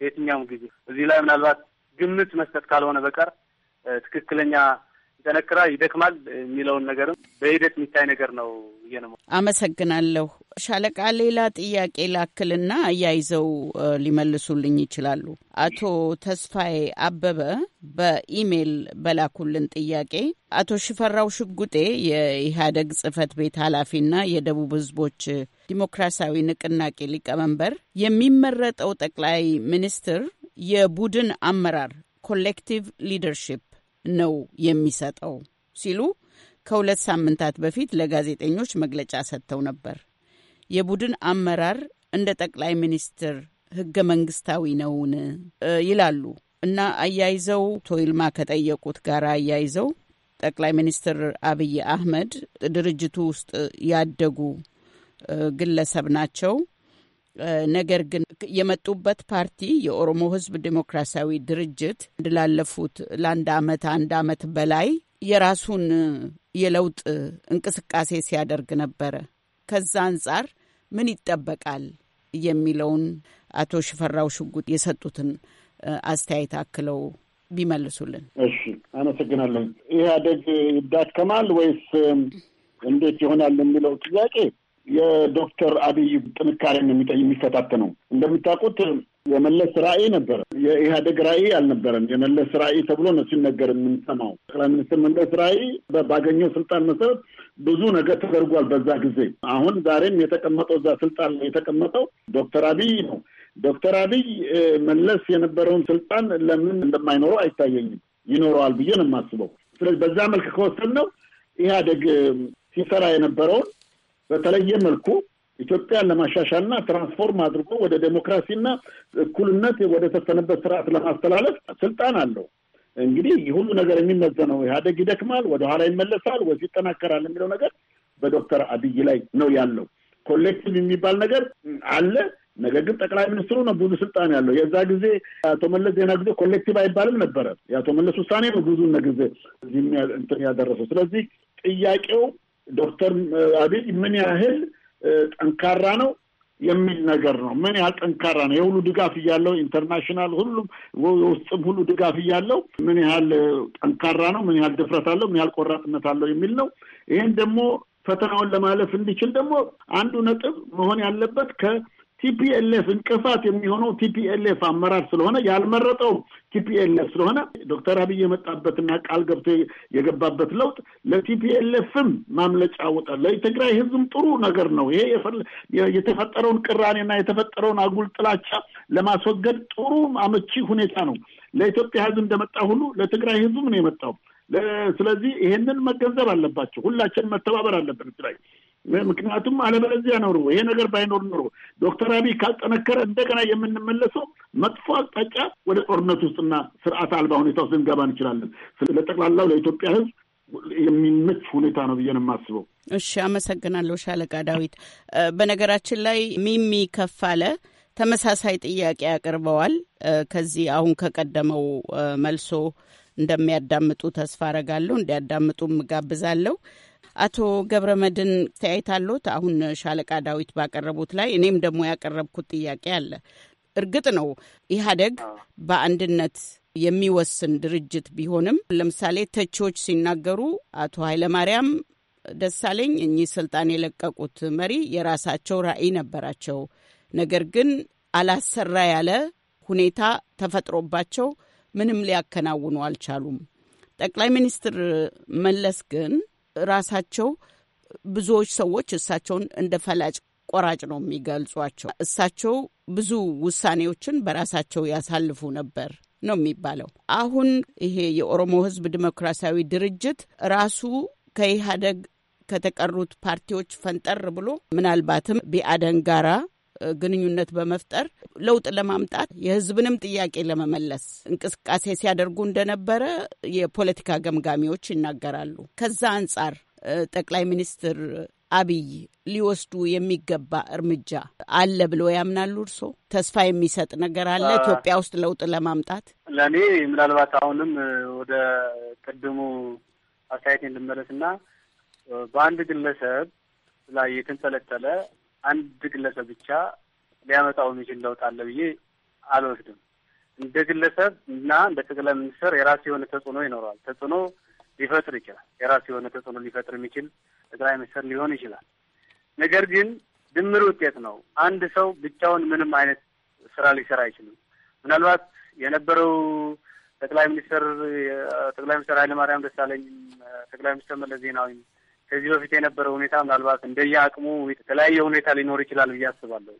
የትኛውም ጊዜ። እዚህ ላይ ምናልባት ግምት መስጠት ካልሆነ በቀር ትክክለኛ ይጠነክራ ይደክማል የሚለውን ነገርም በሂደት የሚታይ ነገር ነው አመሰግናለሁ። ሻለቃ ሌላ ጥያቄ ላክልና አያይዘው ሊመልሱልኝ ይችላሉ። አቶ ተስፋዬ አበበ በኢሜይል በላኩልን ጥያቄ አቶ ሽፈራው ሽጉጤ የኢህአዴግ ጽህፈት ቤት ኃላፊና የደቡብ ህዝቦች ዲሞክራሲያዊ ንቅናቄ ሊቀመንበር የሚመረጠው ጠቅላይ ሚኒስትር የቡድን አመራር ኮሌክቲቭ ሊደርሺፕ ነው የሚሰጠው ሲሉ ከሁለት ሳምንታት በፊት ለጋዜጠኞች መግለጫ ሰጥተው ነበር። የቡድን አመራር እንደ ጠቅላይ ሚኒስትር ህገ መንግስታዊ ነውን ይላሉ እና አያይዘው ቶይልማ ከጠየቁት ጋር አያይዘው ጠቅላይ ሚኒስትር አብይ አህመድ ድርጅቱ ውስጥ ያደጉ ግለሰብ ናቸው። ነገር ግን የመጡበት ፓርቲ የኦሮሞ ህዝብ ዴሞክራሲያዊ ድርጅት እንድላለፉት ለአንድ አመት አንድ አመት በላይ የራሱን የለውጥ እንቅስቃሴ ሲያደርግ ነበረ። ከዛ አንጻር ምን ይጠበቃል የሚለውን አቶ ሽፈራው ሽጉጥ የሰጡትን አስተያየት አክለው ቢመልሱልን። እሺ፣ አመሰግናለሁ። ኢህአዴግ ይዳከማል ወይስ እንዴት ይሆናል የሚለው ጥያቄ የዶክተር አብይ ጥንካሬን የሚፈታተነው እንደምታውቁት የመለስ ራዕይ ነበረ። የኢህአደግ ራዕይ አልነበረም። የመለስ ራዕይ ተብሎ ነው ሲነገር የምንሰማው። ጠቅላይ ሚኒስትር መለስ ራዕይ ባገኘው ስልጣን መሰረት ብዙ ነገር ተደርጓል በዛ ጊዜ። አሁን ዛሬም የተቀመጠው እዛ ስልጣን የተቀመጠው ዶክተር አብይ ነው። ዶክተር አብይ መለስ የነበረውን ስልጣን ለምን እንደማይኖረው አይታየኝም። ይኖረዋል ብዬ ነው የማስበው። ስለዚህ በዛ መልክ ከወሰን ነው ኢህአደግ ሲሰራ የነበረውን በተለየ መልኩ ኢትዮጵያን ለማሻሻልና ትራንስፎርም አድርጎ ወደ ዴሞክራሲና እኩልነት ወደ ሰፈነበት ስርዓት ለማስተላለፍ ስልጣን አለው። እንግዲህ ሁሉ ነገር የሚመዘነው ኢህአዴግ ይደክማል፣ ወደኋላ ይመለሳል፣ ወዚ ይጠናከራል የሚለው ነገር በዶክተር አብይ ላይ ነው ያለው። ኮሌክቲቭ የሚባል ነገር አለ። ነገር ግን ጠቅላይ ሚኒስትሩ ነው ብዙ ስልጣን ያለው። የዛ ጊዜ የአቶ መለስ ዜና ጊዜ ኮሌክቲቭ አይባልም ነበረ። የአቶ መለስ ውሳኔ ነው ብዙ ጊዜ እዚህ እንትን ያደረሰው። ስለዚህ ጥያቄው ዶክተር አብይ ምን ያህል ጠንካራ ነው የሚል ነገር ነው። ምን ያህል ጠንካራ ነው የሁሉ ድጋፍ እያለው ኢንተርናሽናል፣ ሁሉም የውስጥም ሁሉ ድጋፍ እያለው ምን ያህል ጠንካራ ነው፣ ምን ያህል ድፍረት አለው፣ ምን ያህል ቆራጥነት አለው የሚል ነው። ይህን ደግሞ ፈተናውን ለማለፍ እንዲችል ደግሞ አንዱ ነጥብ መሆን ያለበት ከ ቲፒኤልኤፍ እንቅፋት የሚሆነው ቲፒኤልኤፍ አመራር ስለሆነ ያልመረጠውም ቲፒኤልኤፍ ስለሆነ ዶክተር አብይ የመጣበትና ቃል ገብቶ የገባበት ለውጥ ለቲፒኤልኤፍም ማምለጫ ወጣ ለትግራይ ህዝብም ጥሩ ነገር ነው። ይሄ የተፈጠረውን ቅራኔና የተፈጠረውን አጉል ጥላቻ ለማስወገድ ጥሩ አመቺ ሁኔታ ነው። ለኢትዮጵያ ህዝብ እንደመጣ ሁሉ ለትግራይ ህዝብ ነው የመጣው። ስለዚህ ይሄንን መገንዘብ አለባቸው። ሁላችን መተባበር አለብን ትግራይ ምክንያቱም አለበለዚያ ነው ይሄ ነገር ባይኖር ኖሮ ዶክተር አብይ ካልጠነከረ እንደገና የምንመለሰው መጥፎ አቅጣጫ ወደ ጦርነት ውስጥና ስርዓት አልባ ሁኔታ ውስጥ ልንገባ እንችላለን። ለጠቅላላው ለኢትዮጵያ ህዝብ የሚመች ሁኔታ ነው ብዬ ነው የማስበው። እሺ፣ አመሰግናለሁ ሻለቃ ዳዊት። በነገራችን ላይ ሚሚ ከፋለ ተመሳሳይ ጥያቄ አቅርበዋል። ከዚህ አሁን ከቀደመው መልሶ እንደሚያዳምጡ ተስፋ አረጋለሁ። እንዲያዳምጡ እጋብዛለሁ። አቶ ገብረ መድን ተያየት አሁን ሻለቃ ዳዊት ባቀረቡት ላይ እኔም ደግሞ ያቀረብኩት ጥያቄ አለ። እርግጥ ነው ኢህአደግ በአንድነት የሚወስን ድርጅት ቢሆንም ለምሳሌ ተቺዎች ሲናገሩ አቶ ኃይለማርያም ደሳለኝ እኚህ ስልጣን የለቀቁት መሪ የራሳቸው ራዕይ ነበራቸው። ነገር ግን አላሰራ ያለ ሁኔታ ተፈጥሮባቸው ምንም ሊያከናውኑ አልቻሉም። ጠቅላይ ሚኒስትር መለስ ግን ራሳቸው ብዙዎች ሰዎች እሳቸውን እንደ ፈላጭ ቆራጭ ነው የሚገልጿቸው። እሳቸው ብዙ ውሳኔዎችን በራሳቸው ያሳልፉ ነበር ነው የሚባለው። አሁን ይሄ የኦሮሞ ሕዝብ ዲሞክራሲያዊ ድርጅት ራሱ ከኢህአደግ ከተቀሩት ፓርቲዎች ፈንጠር ብሎ ምናልባትም ቢአደን ጋራ ግንኙነት በመፍጠር ለውጥ ለማምጣት የህዝብንም ጥያቄ ለመመለስ እንቅስቃሴ ሲያደርጉ እንደነበረ የፖለቲካ ገምጋሚዎች ይናገራሉ። ከዛ አንጻር ጠቅላይ ሚኒስትር አብይ ሊወስዱ የሚገባ እርምጃ አለ ብሎ ያምናሉ? እርሶ ተስፋ የሚሰጥ ነገር አለ ኢትዮጵያ ውስጥ ለውጥ ለማምጣት? ለእኔ ምናልባት አሁንም ወደ ቅድሙ አስተያየት እንድመለስና በአንድ ግለሰብ ላይ የተንጠለጠለ አንድ ግለሰብ ብቻ ሊያመጣው የሚችል ለውጥ አለ ብዬ አልወስድም። እንደ ግለሰብ እና እንደ ጠቅላይ ሚኒስትር የራሱ የሆነ ተጽዕኖ ይኖረዋል። ተጽዕኖ ሊፈጥር ይችላል። የራሱ የሆነ ተጽዕኖ ሊፈጥር የሚችል ጠቅላይ ሚኒስትር ሊሆን ይችላል። ነገር ግን ድምር ውጤት ነው። አንድ ሰው ብቻውን ምንም አይነት ስራ ሊሰራ አይችልም። ምናልባት የነበረው ጠቅላይ ሚኒስትር ጠቅላይ ሚኒስትር ኃይለማርያም ደሳለኝም ጠቅላይ ሚኒስትር መለስ ዜናዊም ከዚህ በፊት የነበረው ሁኔታ ምናልባት እንደየ አቅሙ የተለያየ ሁኔታ ሊኖር ይችላል ብዬ አስባለሁ።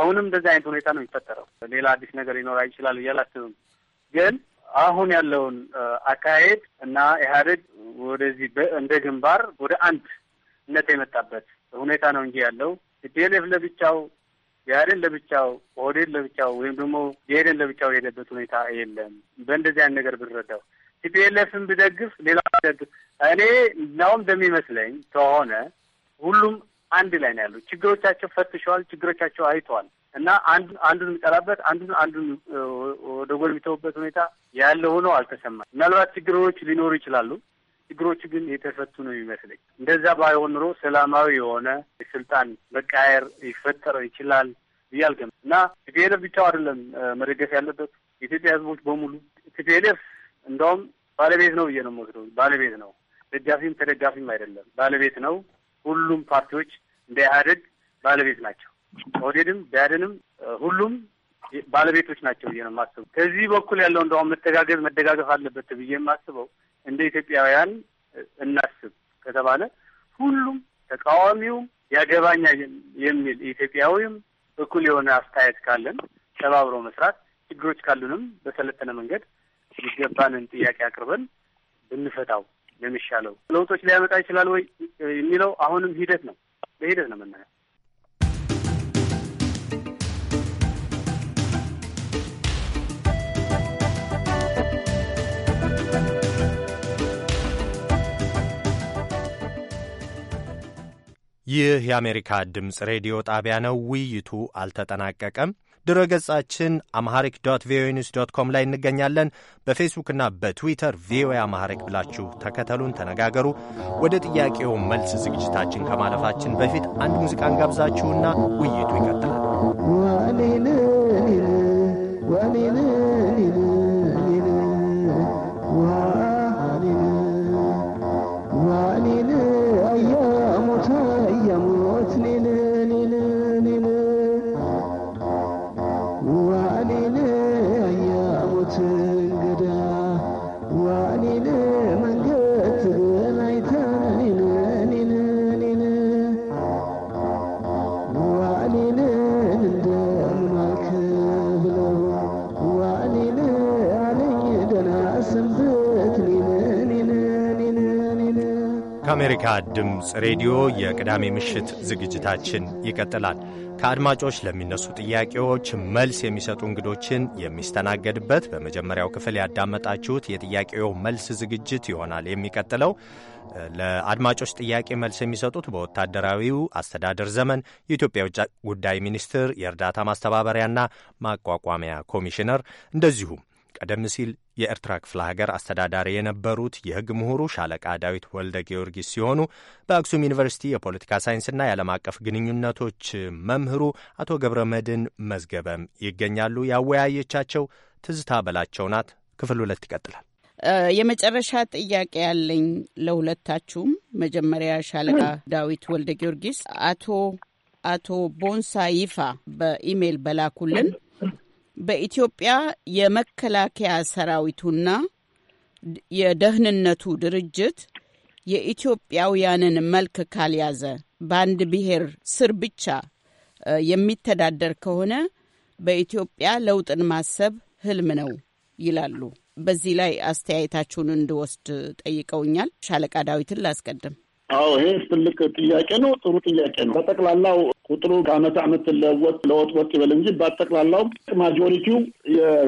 አሁንም እንደዚህ አይነት ሁኔታ ነው የሚፈጠረው። ሌላ አዲስ ነገር ሊኖር ይችላል ብዬ አላስብም። ግን አሁን ያለውን አካሄድ እና ኢህአዴግ ወደዚህ እንደ ግንባር ወደ አንድነት የመጣበት ሁኔታ ነው እንጂ ያለው ቲፒኤልኤፍ ለብቻው የአደን ለብቻው ኦህዴድ ለብቻው ወይም ደግሞ የሄደን ለብቻው የሄደበት ሁኔታ የለም። በእንደዚህ አይነት ነገር ብንረዳው ቲፒኤልኤፍን ብደግፍ ሌላ ብደግፍ እኔ ነው እንደሚመስለኝ ከሆነ ሁሉም አንድ ላይ ነው ያሉት። ችግሮቻቸው ፈትሸዋል፣ ችግሮቻቸው አይተዋል እና አንዱ አንዱን የሚጠላበት አንዱን አንዱን ወደ ጎን የሚተውበት ሁኔታ ያለ ሆኖ አልተሰማኝ። ምናልባት ችግሮች ሊኖሩ ይችላሉ። ችግሮቹ ግን የተፈቱ ነው የሚመስለኝ። እንደዛ ባይሆን ኑሮ ሰላማዊ የሆነ የስልጣን መቃየር ሊፈጠር ይችላል ብዬ አልገም እና ቲፒኤልኤፍ ብቻው አይደለም መደገፍ ያለበት የኢትዮጵያ ሕዝቦች በሙሉ ቲፒኤልኤፍ እንደውም ባለቤት ነው ብዬ ነው የምወስደው። ባለቤት ነው፣ ደጋፊም ተደጋፊም አይደለም፣ ባለቤት ነው። ሁሉም ፓርቲዎች እንደ ኢህአዴግ ባለቤት ናቸው። ኦህዴድም ብአዴንም ሁሉም ባለቤቶች ናቸው ብዬ ነው የማስበው። ከዚህ በኩል ያለው እንደውም መተጋገዝ መደጋገፍ አለበት ብዬ የማስበው እንደ ኢትዮጵያውያን እናስብ ከተባለ ሁሉም ተቃዋሚውም ያገባኛ የሚል ኢትዮጵያዊም እኩል የሆነ አስተያየት ካለን ተባብሮ መስራት ችግሮች ካሉንም በሰለጠነ መንገድ የሚገባንን ጥያቄ አቅርበን ብንፈታው የሚሻለው ለውጦች ሊያመጣ ይችላል ወይ የሚለው አሁንም ሂደት ነው፣ በሂደት ነው የምናየው። ይህ የአሜሪካ ድምፅ ሬዲዮ ጣቢያ ነው። ውይይቱ አልተጠናቀቀም። ድረገጻችን አምሃሪክ ዶት ቪኦኤ ኒውስ ዶት ኮም ላይ እንገኛለን። በፌስቡክና በትዊተር ቪኦኤ አምሃሪክ ብላችሁ ተከተሉን፣ ተነጋገሩ። ወደ ጥያቄው መልስ ዝግጅታችን ከማለፋችን በፊት አንድ ሙዚቃን እንጋብዛችሁና ውይይቱ ይቀጥላል። የአሜሪካ ድምፅ ሬዲዮ የቅዳሜ ምሽት ዝግጅታችን ይቀጥላል። ከአድማጮች ለሚነሱ ጥያቄዎች መልስ የሚሰጡ እንግዶችን የሚስተናገድበት በመጀመሪያው ክፍል ያዳመጣችሁት የጥያቄው መልስ ዝግጅት ይሆናል። የሚቀጥለው ለአድማጮች ጥያቄ መልስ የሚሰጡት በወታደራዊው አስተዳደር ዘመን የኢትዮጵያ ውጭ ጉዳይ ሚኒስትር የእርዳታ ማስተባበሪያና ማቋቋሚያ ኮሚሽነር እንደዚሁም ቀደም ሲል የኤርትራ ክፍለ ሀገር አስተዳዳሪ የነበሩት የሕግ ምሁሩ ሻለቃ ዳዊት ወልደ ጊዮርጊስ ሲሆኑ በአክሱም ዩኒቨርሲቲ የፖለቲካ ሳይንስና የዓለም አቀፍ ግንኙነቶች መምህሩ አቶ ገብረ መድን መዝገበም ይገኛሉ። ያወያየቻቸው ትዝታ በላቸው ናት። ክፍል ሁለት ይቀጥላል። የመጨረሻ ጥያቄ ያለኝ ለሁለታችሁም። መጀመሪያ ሻለቃ ዳዊት ወልደ ጊዮርጊስ አቶ አቶ ቦንሳ ይፋ በኢሜይል በላኩልን በኢትዮጵያ የመከላከያ ሰራዊቱና የደህንነቱ ድርጅት የኢትዮጵያውያንን መልክ ካልያዘ በአንድ ብሔር ስር ብቻ የሚተዳደር ከሆነ በኢትዮጵያ ለውጥን ማሰብ ህልም ነው ይላሉ። በዚህ ላይ አስተያየታችሁን እንድወስድ ጠይቀውኛል። ሻለቃ ዳዊትን ላስቀድም። አዎ ይሄ ትልቅ ጥያቄ ነው። ጥሩ ጥያቄ ነው። በጠቅላላው ቁጥሩ ከአመት አመት ለወጥ ለወጥ ወጥ ይበል እንጂ በጠቅላላው ማጆሪቲው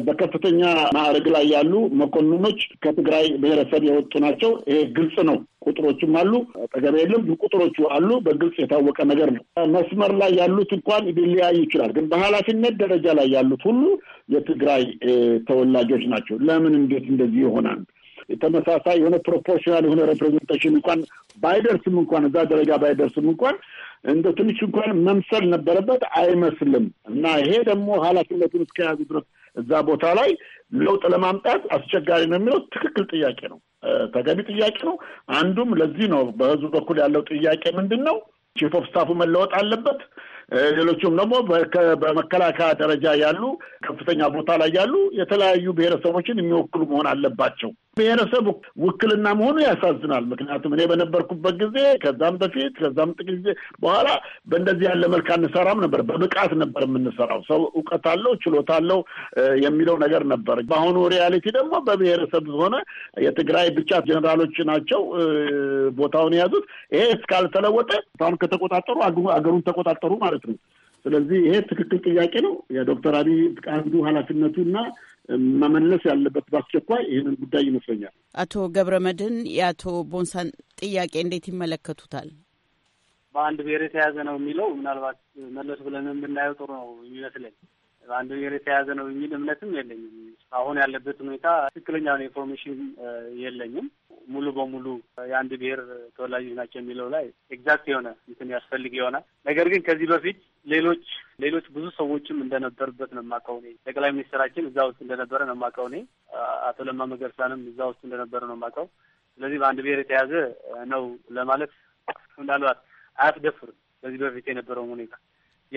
በከፍተኛ ማዕረግ ላይ ያሉ መኮንኖች ከትግራይ ብሔረሰብ የወጡ ናቸው። ይሄ ግልጽ ነው። ቁጥሮቹም አሉ። አጠገብ የለም ቁጥሮቹ አሉ። በግልጽ የታወቀ ነገር ነው። መስመር ላይ ያሉት እንኳን ሊለያይ ይችላል። ግን በኃላፊነት ደረጃ ላይ ያሉት ሁሉ የትግራይ ተወላጆች ናቸው። ለምን እንዴት እንደዚህ ይሆናል? ተመሳሳይ የሆነ ፕሮፖርሽናል የሆነ ሬፕሬዘንቴሽን እንኳን ባይደርስም እንኳን እዛ ደረጃ ባይደርስም እንኳን እንደ ትንሽ እንኳን መምሰል ነበረበት አይመስልም። እና ይሄ ደግሞ ኃላፊነቱን እስከያዙ ድረስ እዛ ቦታ ላይ ለውጥ ለማምጣት አስቸጋሪ ነው የሚለው ትክክል ጥያቄ ነው፣ ተገቢ ጥያቄ ነው። አንዱም ለዚህ ነው በህዝቡ በኩል ያለው ጥያቄ ምንድን ነው? ቺፍ ኦፍ ስታፉ መለወጥ አለበት። ሌሎቹም ደግሞ በመከላከያ ደረጃ ያሉ ከፍተኛ ቦታ ላይ ያሉ የተለያዩ ብሔረሰቦችን የሚወክሉ መሆን አለባቸው። ብሔረሰብ ውክልና መሆኑ ያሳዝናል። ምክንያቱም እኔ በነበርኩበት ጊዜ ከዛም በፊት ከዛም ጥቂት ጊዜ በኋላ በእንደዚህ ያለ መልክ አንሰራም ነበር። በብቃት ነበር የምንሰራው። ሰው እውቀት አለው፣ ችሎታ አለው የሚለው ነገር ነበር። በአሁኑ ሪያሊቲ ደግሞ በብሔረሰብ ሆነ የትግራይ ብቻ ጀኔራሎች ናቸው ቦታውን የያዙት። ይሄ እስካልተለወጠ ቦታውን ከተቆጣጠሩ አገሩን ተቆጣጠሩ ማለት ነው። ስለዚህ ይሄ ትክክል ጥያቄ ነው። የዶክተር አብይ አንዱ ኃላፊነቱ እና መመለስ ያለበት በአስቸኳይ ይህንን ጉዳይ ይመስለኛል። አቶ ገብረ መድህን የአቶ ቦንሳን ጥያቄ እንዴት ይመለከቱታል? በአንድ ብሔር የተያዘ ነው የሚለው ምናልባት መለሱ ብለን የምናየው ጥሩ ነው ይመስለኝ። በአንድ ነገር የተያዘ ነው የሚል እምነትም የለኝም። አሁን ያለበት ሁኔታ ትክክለኛ ኢንፎርሜሽን የለኝም። ሙሉ በሙሉ የአንድ ብሔር ተወላጆች ናቸው የሚለው ላይ ኤግዛክት የሆነ እንትን ያስፈልግ ይሆናል። ነገር ግን ከዚህ በፊት ሌሎች ሌሎች ብዙ ሰዎችም እንደነበሩበት ነው የማውቀው እኔ። ጠቅላይ ሚኒስትራችን እዛ ውስጥ እንደነበረ ነው የማውቀው እኔ። አቶ ለማ መገርሳንም እዛ ውስጥ እንደነበረ ነው የማውቀው። ስለዚህ በአንድ ብሔር የተያዘ ነው ለማለት እንዳሏት አያስደፍርም። ከዚህ በፊት የነበረውን ሁኔታ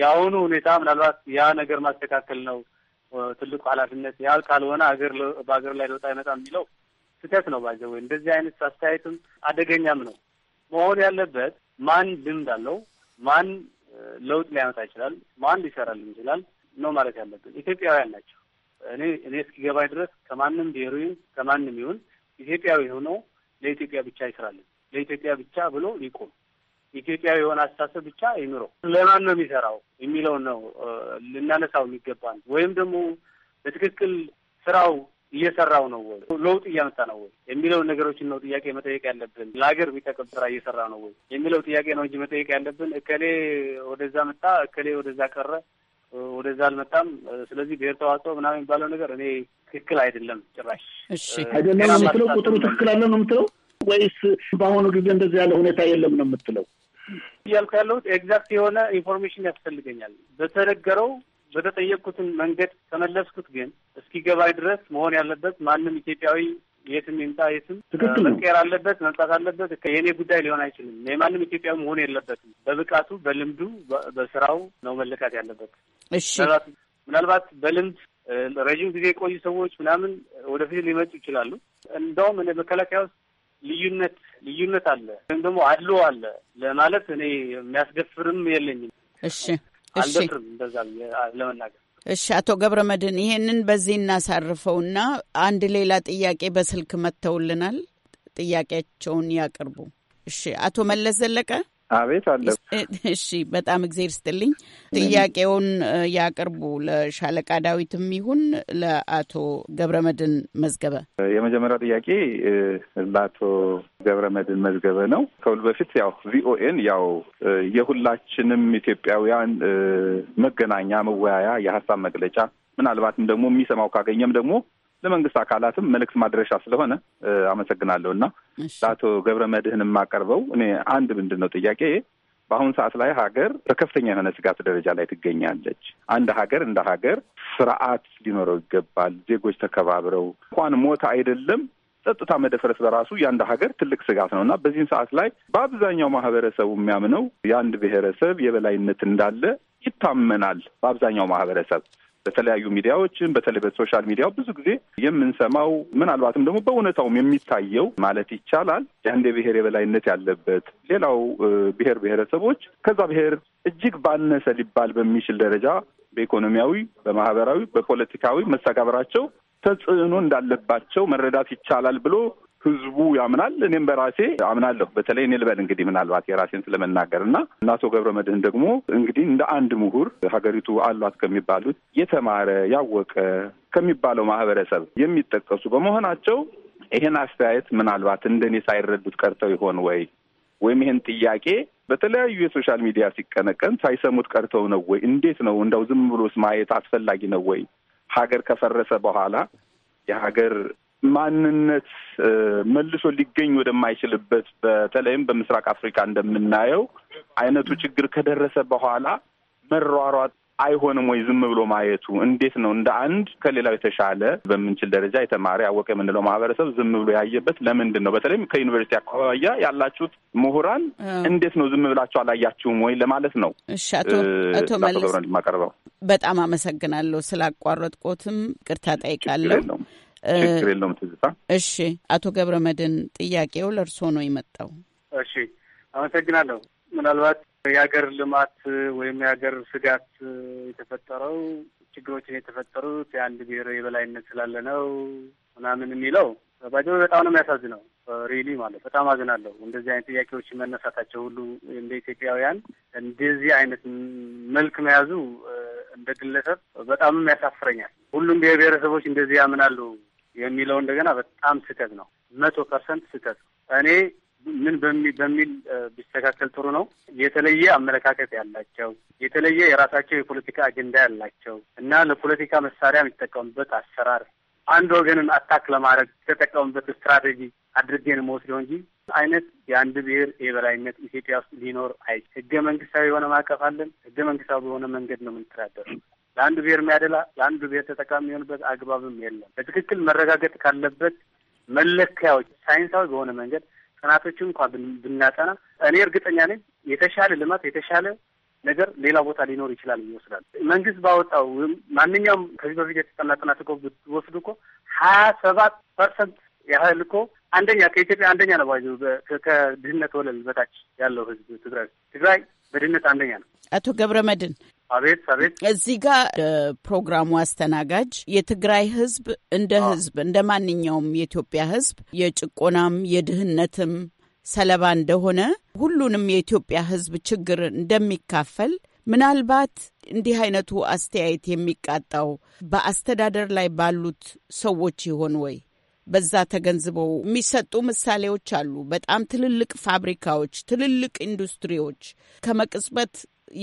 የአሁኑ ሁኔታ ምናልባት ያ ነገር ማስተካከል ነው ትልቁ ኃላፊነት። ያ ካልሆነ አገር በአገር ላይ ለውጥ አይመጣም የሚለው ስህተት ነው። ባዘ ወይ እንደዚህ አይነት አስተያየትም አደገኛም ነው። መሆን ያለበት ማን ልምድ አለው፣ ማን ለውጥ ሊያመጣ ይችላል፣ ማን ሊሰራልን ይችላል ነው ማለት ያለብን። ኢትዮጵያውያን ናቸው። እኔ እኔ እስኪገባኝ ድረስ ከማንም ብሔሩ ከማንም ይሁን ኢትዮጵያዊ ሆኖ ለኢትዮጵያ ብቻ ይስራልን፣ ለኢትዮጵያ ብቻ ብሎ ሊቆም ኢትዮጵያዊ የሆነ አስተሳሰብ ብቻ አይኑረው። ለማን ነው የሚሰራው የሚለውን ነው ልናነሳው የሚገባን። ወይም ደግሞ በትክክል ስራው እየሰራው ነው ወይ፣ ለውጥ እያመጣ ነው ወይ የሚለውን ነገሮችን ነው ጥያቄ መጠየቅ ያለብን። ለሀገር ቢጠቅም ስራ እየሰራ ነው ወይ የሚለው ጥያቄ ነው እንጂ መጠየቅ ያለብን እከሌ ወደዛ መጣ፣ እከሌ ወደዛ ቀረ፣ ወደዛ አልመጣም፣ ስለዚህ ብሔር ተዋጽኦ ምናምን የሚባለው ነገር እኔ ትክክል አይደለም ጭራሽ። አይደለም ነው የምትለው ቁጥሩ ትክክል አለ ነው የምትለው ወይስ በአሁኑ ጊዜ እንደዚህ ያለ ሁኔታ የለም ነው የምትለው? እያልኩ ያለሁት ኤግዛክት የሆነ ኢንፎርሜሽን ያስፈልገኛል። በተነገረው በተጠየቅኩትን መንገድ ተመለስኩት፣ ግን እስኪገባኝ ድረስ መሆን ያለበት ማንም ኢትዮጵያዊ የትም ይምጣ የትም መቀየር አለበት መምጣት አለበት። የእኔ ጉዳይ ሊሆን አይችልም። የማንም ኢትዮጵያዊ መሆን የለበትም። በብቃቱ በልምዱ በስራው ነው መለካት ያለበት። እሺ ምናልባት በልምድ ረዥም ጊዜ የቆዩ ሰዎች ምናምን ወደፊት ሊመጡ ይችላሉ። እንደውም መከላከያ ውስጥ ልዩነት ልዩነት አለ ወይም ደግሞ አድሎ አለ ለማለት እኔ የሚያስደፍርም የለኝም። እሺ አልደፍርም እንደዛ ለመናገር እሺ አቶ ገብረ መድህን ይሄንን በዚህ እናሳርፈውና አንድ ሌላ ጥያቄ በስልክ መጥተውልናል። ጥያቄያቸውን ያቅርቡ። እሺ አቶ መለስ ዘለቀ አቤት አለ። እሺ፣ በጣም እግዜር ስጥልኝ። ጥያቄውን ያቅርቡ ለሻለቃ ዳዊትም ይሁን ለአቶ ገብረመድን መዝገበ። የመጀመሪያው ጥያቄ ለአቶ ገብረመድን መዝገበ ነው። ከሁሉ በፊት ያው ቪኦኤን ያው የሁላችንም ኢትዮጵያውያን መገናኛ፣ መወያያ፣ የሀሳብ መግለጫ ምናልባትም ደግሞ የሚሰማው ካገኘም ደግሞ ለመንግስት አካላትም መልእክት ማድረሻ ስለሆነ አመሰግናለሁ እና ለአቶ ገብረ መድህን የማቀርበው እኔ አንድ ምንድን ነው ጥያቄ በአሁኑ ሰዓት ላይ ሀገር በከፍተኛ የሆነ ስጋት ደረጃ ላይ ትገኛለች። አንድ ሀገር እንደ ሀገር ስርዓት ሊኖረው ይገባል። ዜጎች ተከባብረው እንኳን ሞት አይደለም ጸጥታ መደፈረስ በራሱ የአንድ ሀገር ትልቅ ስጋት ነው እና በዚህም ሰዓት ላይ በአብዛኛው ማህበረሰቡ የሚያምነው የአንድ ብሔረሰብ የበላይነት እንዳለ ይታመናል። በአብዛኛው ማህበረሰብ በተለያዩ ሚዲያዎችን በተለይ በሶሻል ሚዲያው ብዙ ጊዜ የምንሰማው ምናልባትም ደግሞ በእውነታውም የሚታየው ማለት ይቻላል የአንድ ብሔር የበላይነት ያለበት ሌላው ብሔር ብሔረሰቦች ከዛ ብሔር እጅግ ባነሰ ሊባል በሚችል ደረጃ በኢኮኖሚያዊ፣ በማህበራዊ፣ በፖለቲካዊ መስተጋብራቸው ተጽዕኖ እንዳለባቸው መረዳት ይቻላል ብሎ ህዝቡ ያምናል። እኔም በራሴ አምናለሁ። በተለይ እኔ ልበል እንግዲህ ምናልባት የራሴን ስለመናገር እና እና አቶ ገብረ መድህን ደግሞ እንግዲህ እንደ አንድ ምሁር ሀገሪቱ አሏት ከሚባሉት የተማረ ያወቀ ከሚባለው ማህበረሰብ የሚጠቀሱ በመሆናቸው ይሄን አስተያየት ምናልባት እንደኔ ሳይረዱት ቀርተው ይሆን ወይ ወይም ይሄን ጥያቄ በተለያዩ የሶሻል ሚዲያ ሲቀነቀን ሳይሰሙት ቀርተው ነው ወይ? እንዴት ነው እንደው ዝም ብሎስ ማየት አስፈላጊ ነው ወይ? ሀገር ከፈረሰ በኋላ የሀገር ማንነት መልሶ ሊገኝ ወደማይችልበት በተለይም በምስራቅ አፍሪካ እንደምናየው አይነቱ ችግር ከደረሰ በኋላ መሯሯጥ አይሆንም ወይ? ዝም ብሎ ማየቱ እንዴት ነው? እንደ አንድ ከሌላው የተሻለ በምንችል ደረጃ የተማረ ያወቀ የምንለው ማህበረሰብ ዝም ብሎ ያየበት ለምንድን ነው? በተለይም ከዩኒቨርሲቲ አኳያ ያላችሁት ምሁራን እንዴት ነው ዝም ብላችሁ አላያችሁም ወይ ለማለት ነው። እሺ፣ አቶ መለስ ማቀርበው በጣም አመሰግናለሁ። ስላቋረጥኩትም ቅርታ ጠይቃለሁ። ችግር የለውም ትዝታ። እሺ አቶ ገብረ መድን ጥያቄው ለእርስዎ ነው የመጣው። እሺ አመሰግናለሁ። ምናልባት የሀገር ልማት ወይም የሀገር ስጋት የተፈጠረው ችግሮችን የተፈጠሩት የአንድ ብሔር የበላይነት ስላለ ነው ምናምን የሚለው ባጀ በጣም ነው የሚያሳዝነው። ሪሊ ማለት በጣም አዝናለሁ እንደዚህ አይነት ጥያቄዎች መነሳታቸው ሁሉ እንደ ኢትዮጵያውያን እንደዚህ አይነት መልክ መያዙ እንደ ግለሰብ በጣም ያሳፍረኛል። ሁሉም ብሔር ብሔረሰቦች እንደዚህ ያምናሉ የሚለው እንደገና በጣም ስህተት ነው። መቶ ፐርሰንት ስህተት እኔ ምን በሚል ቢስተካከል ጥሩ ነው። የተለየ አመለካከት ያላቸው የተለየ የራሳቸው የፖለቲካ አጀንዳ ያላቸው እና ለፖለቲካ መሳሪያ የሚጠቀሙበት አሰራር አንድ ወገንን አታክ ለማድረግ የተጠቀሙበት ስትራቴጂ አድርጌን መወስደው እንጂ አይነት የአንድ ብሔር የበላይነት ኢትዮጵያ ውስጥ ሊኖር አይ ህገ መንግስታዊ የሆነ ማዕቀፍ አለን። ህገ መንግስታዊ በሆነ መንገድ ነው የምንተዳደረው። ለአንዱ ብሔር የሚያደላ ለአንዱ ብሔር ተጠቃሚ የሚሆንበት አግባብም የለም። በትክክል መረጋገጥ ካለበት መለኪያዎች ሳይንሳዊ በሆነ መንገድ ጥናቶች እንኳ ብናጠና እኔ እርግጠኛ ነኝ የተሻለ ልማት የተሻለ ነገር ሌላ ቦታ ሊኖር ይችላል ይወስዳል። መንግስት ባወጣው ማንኛውም ከዚህ በፊት የተጠና ጥናት እኮ ብትወስዱ እኮ ሀያ ሰባት ፐርሰንት ያህል እኮ አንደኛ ከኢትዮጵያ አንደኛ ነው ባዩ ከድህነት ወለል በታች ያለው ህዝብ ትግራይ ትግራይ በድህነት አንደኛ ነው። አቶ ገብረ መድን አቤት አቤት። እዚህ ጋር ፕሮግራሙ አስተናጋጅ የትግራይ ህዝብ እንደ ህዝብ እንደ ማንኛውም የኢትዮጵያ ህዝብ የጭቆናም የድህነትም ሰለባ እንደሆነ ሁሉንም የኢትዮጵያ ህዝብ ችግር እንደሚካፈል ምናልባት እንዲህ አይነቱ አስተያየት የሚቃጣው በአስተዳደር ላይ ባሉት ሰዎች ይሆን ወይ? በዛ ተገንዝበው የሚሰጡ ምሳሌዎች አሉ። በጣም ትልልቅ ፋብሪካዎች፣ ትልልቅ ኢንዱስትሪዎች፣ ከመቅጽበት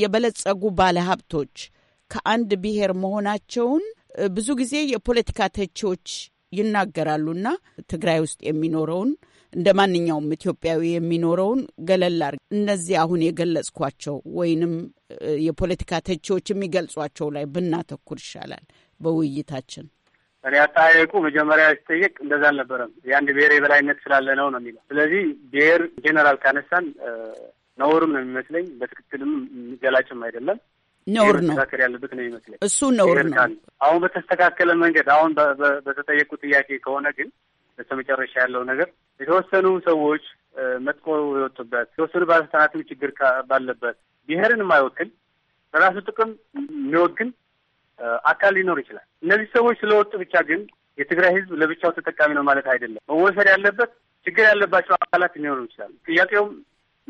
የበለጸጉ ባለሀብቶች ከአንድ ብሔር መሆናቸውን ብዙ ጊዜ የፖለቲካ ተቺዎች ይናገራሉና ትግራይ ውስጥ የሚኖረውን እንደ ማንኛውም ኢትዮጵያዊ የሚኖረውን ገለል አድርግ እነዚህ አሁን የገለጽኳቸው ወይንም የፖለቲካ ተቺዎች የሚገልጿቸው ላይ ብናተኩር ይሻላል በውይይታችን። እኔ አጠያየቁ መጀመሪያ ሲጠየቅ እንደዛ አልነበረም። የአንድ ብሔር የበላይነት ስላለ ነው ነው የሚለው። ስለዚህ ብሔር ጄኔራል ካነሳን ነውርም ነው የሚመስለኝ፣ በትክክልም ገላጭም አይደለም። ነውር ነው መስተካከል ያለበት ነው ይመስለኝ። እሱ ነውር ነው። አሁን በተስተካከለ መንገድ አሁን በተጠየቁ ጥያቄ ከሆነ ግን በስተመጨረሻ ያለው ነገር የተወሰኑ ሰዎች መጥቆ የወጡበት የተወሰኑ ባለስልጣናትም ችግር ባለበት ብሔርን የማይወክል በራሱ ጥቅም የሚወግን አካል ሊኖር ይችላል። እነዚህ ሰዎች ስለወጡ ብቻ ግን የትግራይ ህዝብ ለብቻው ተጠቃሚ ነው ማለት አይደለም። መወሰድ ያለበት ችግር ያለባቸው አካላት ሊኖሩ ይችላሉ። ጥያቄውም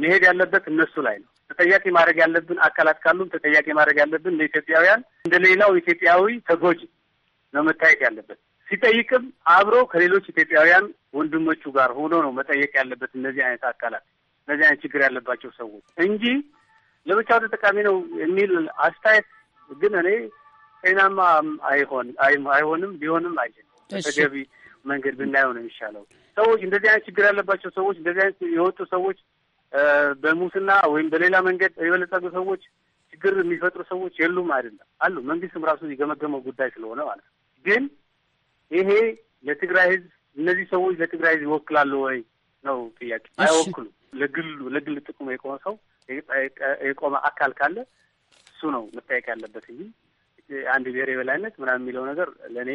መሄድ ያለበት እነሱ ላይ ነው። ተጠያቂ ማድረግ ያለብን አካላት ካሉም ተጠያቂ ማድረግ ያለብን ለኢትዮጵያውያን እንደ ሌላው ኢትዮጵያዊ ተጎጂ ነው መታየት ያለበት። ሲጠይቅም አብሮ ከሌሎች ኢትዮጵያውያን ወንድሞቹ ጋር ሆኖ ነው መጠየቅ ያለበት። እነዚህ አይነት አካላት እነዚህ አይነት ችግር ያለባቸው ሰዎች እንጂ ለብቻው ተጠቃሚ ነው የሚል አስተያየት ግን እኔ ጤናማ አይሆን አይሆንም ሊሆንም አይችልም። ተገቢ መንገድ ብናየው ነው የሚሻለው። ሰዎች እንደዚህ አይነት ችግር ያለባቸው ሰዎች እንደዚህ አይነት የወጡ ሰዎች በሙስና ወይም በሌላ መንገድ የበለጸጉ ሰዎች ችግር የሚፈጥሩ ሰዎች የሉም አይደለም፣ አሉ። መንግስትም ራሱ የገመገመው ጉዳይ ስለሆነ ማለት ነው። ግን ይሄ ለትግራይ ህዝብ እነዚህ ሰዎች ለትግራይ ህዝብ ይወክላሉ ወይ ነው ጥያቄ። አይወክሉ ለግሉ ለግል ጥቅሙ የቆመ ሰው የቆመ አካል ካለ እሱ ነው መታየቅ ያለበት እንጂ አንድ ብሔር የበላይነት ምናምን የሚለው ነገር ለእኔ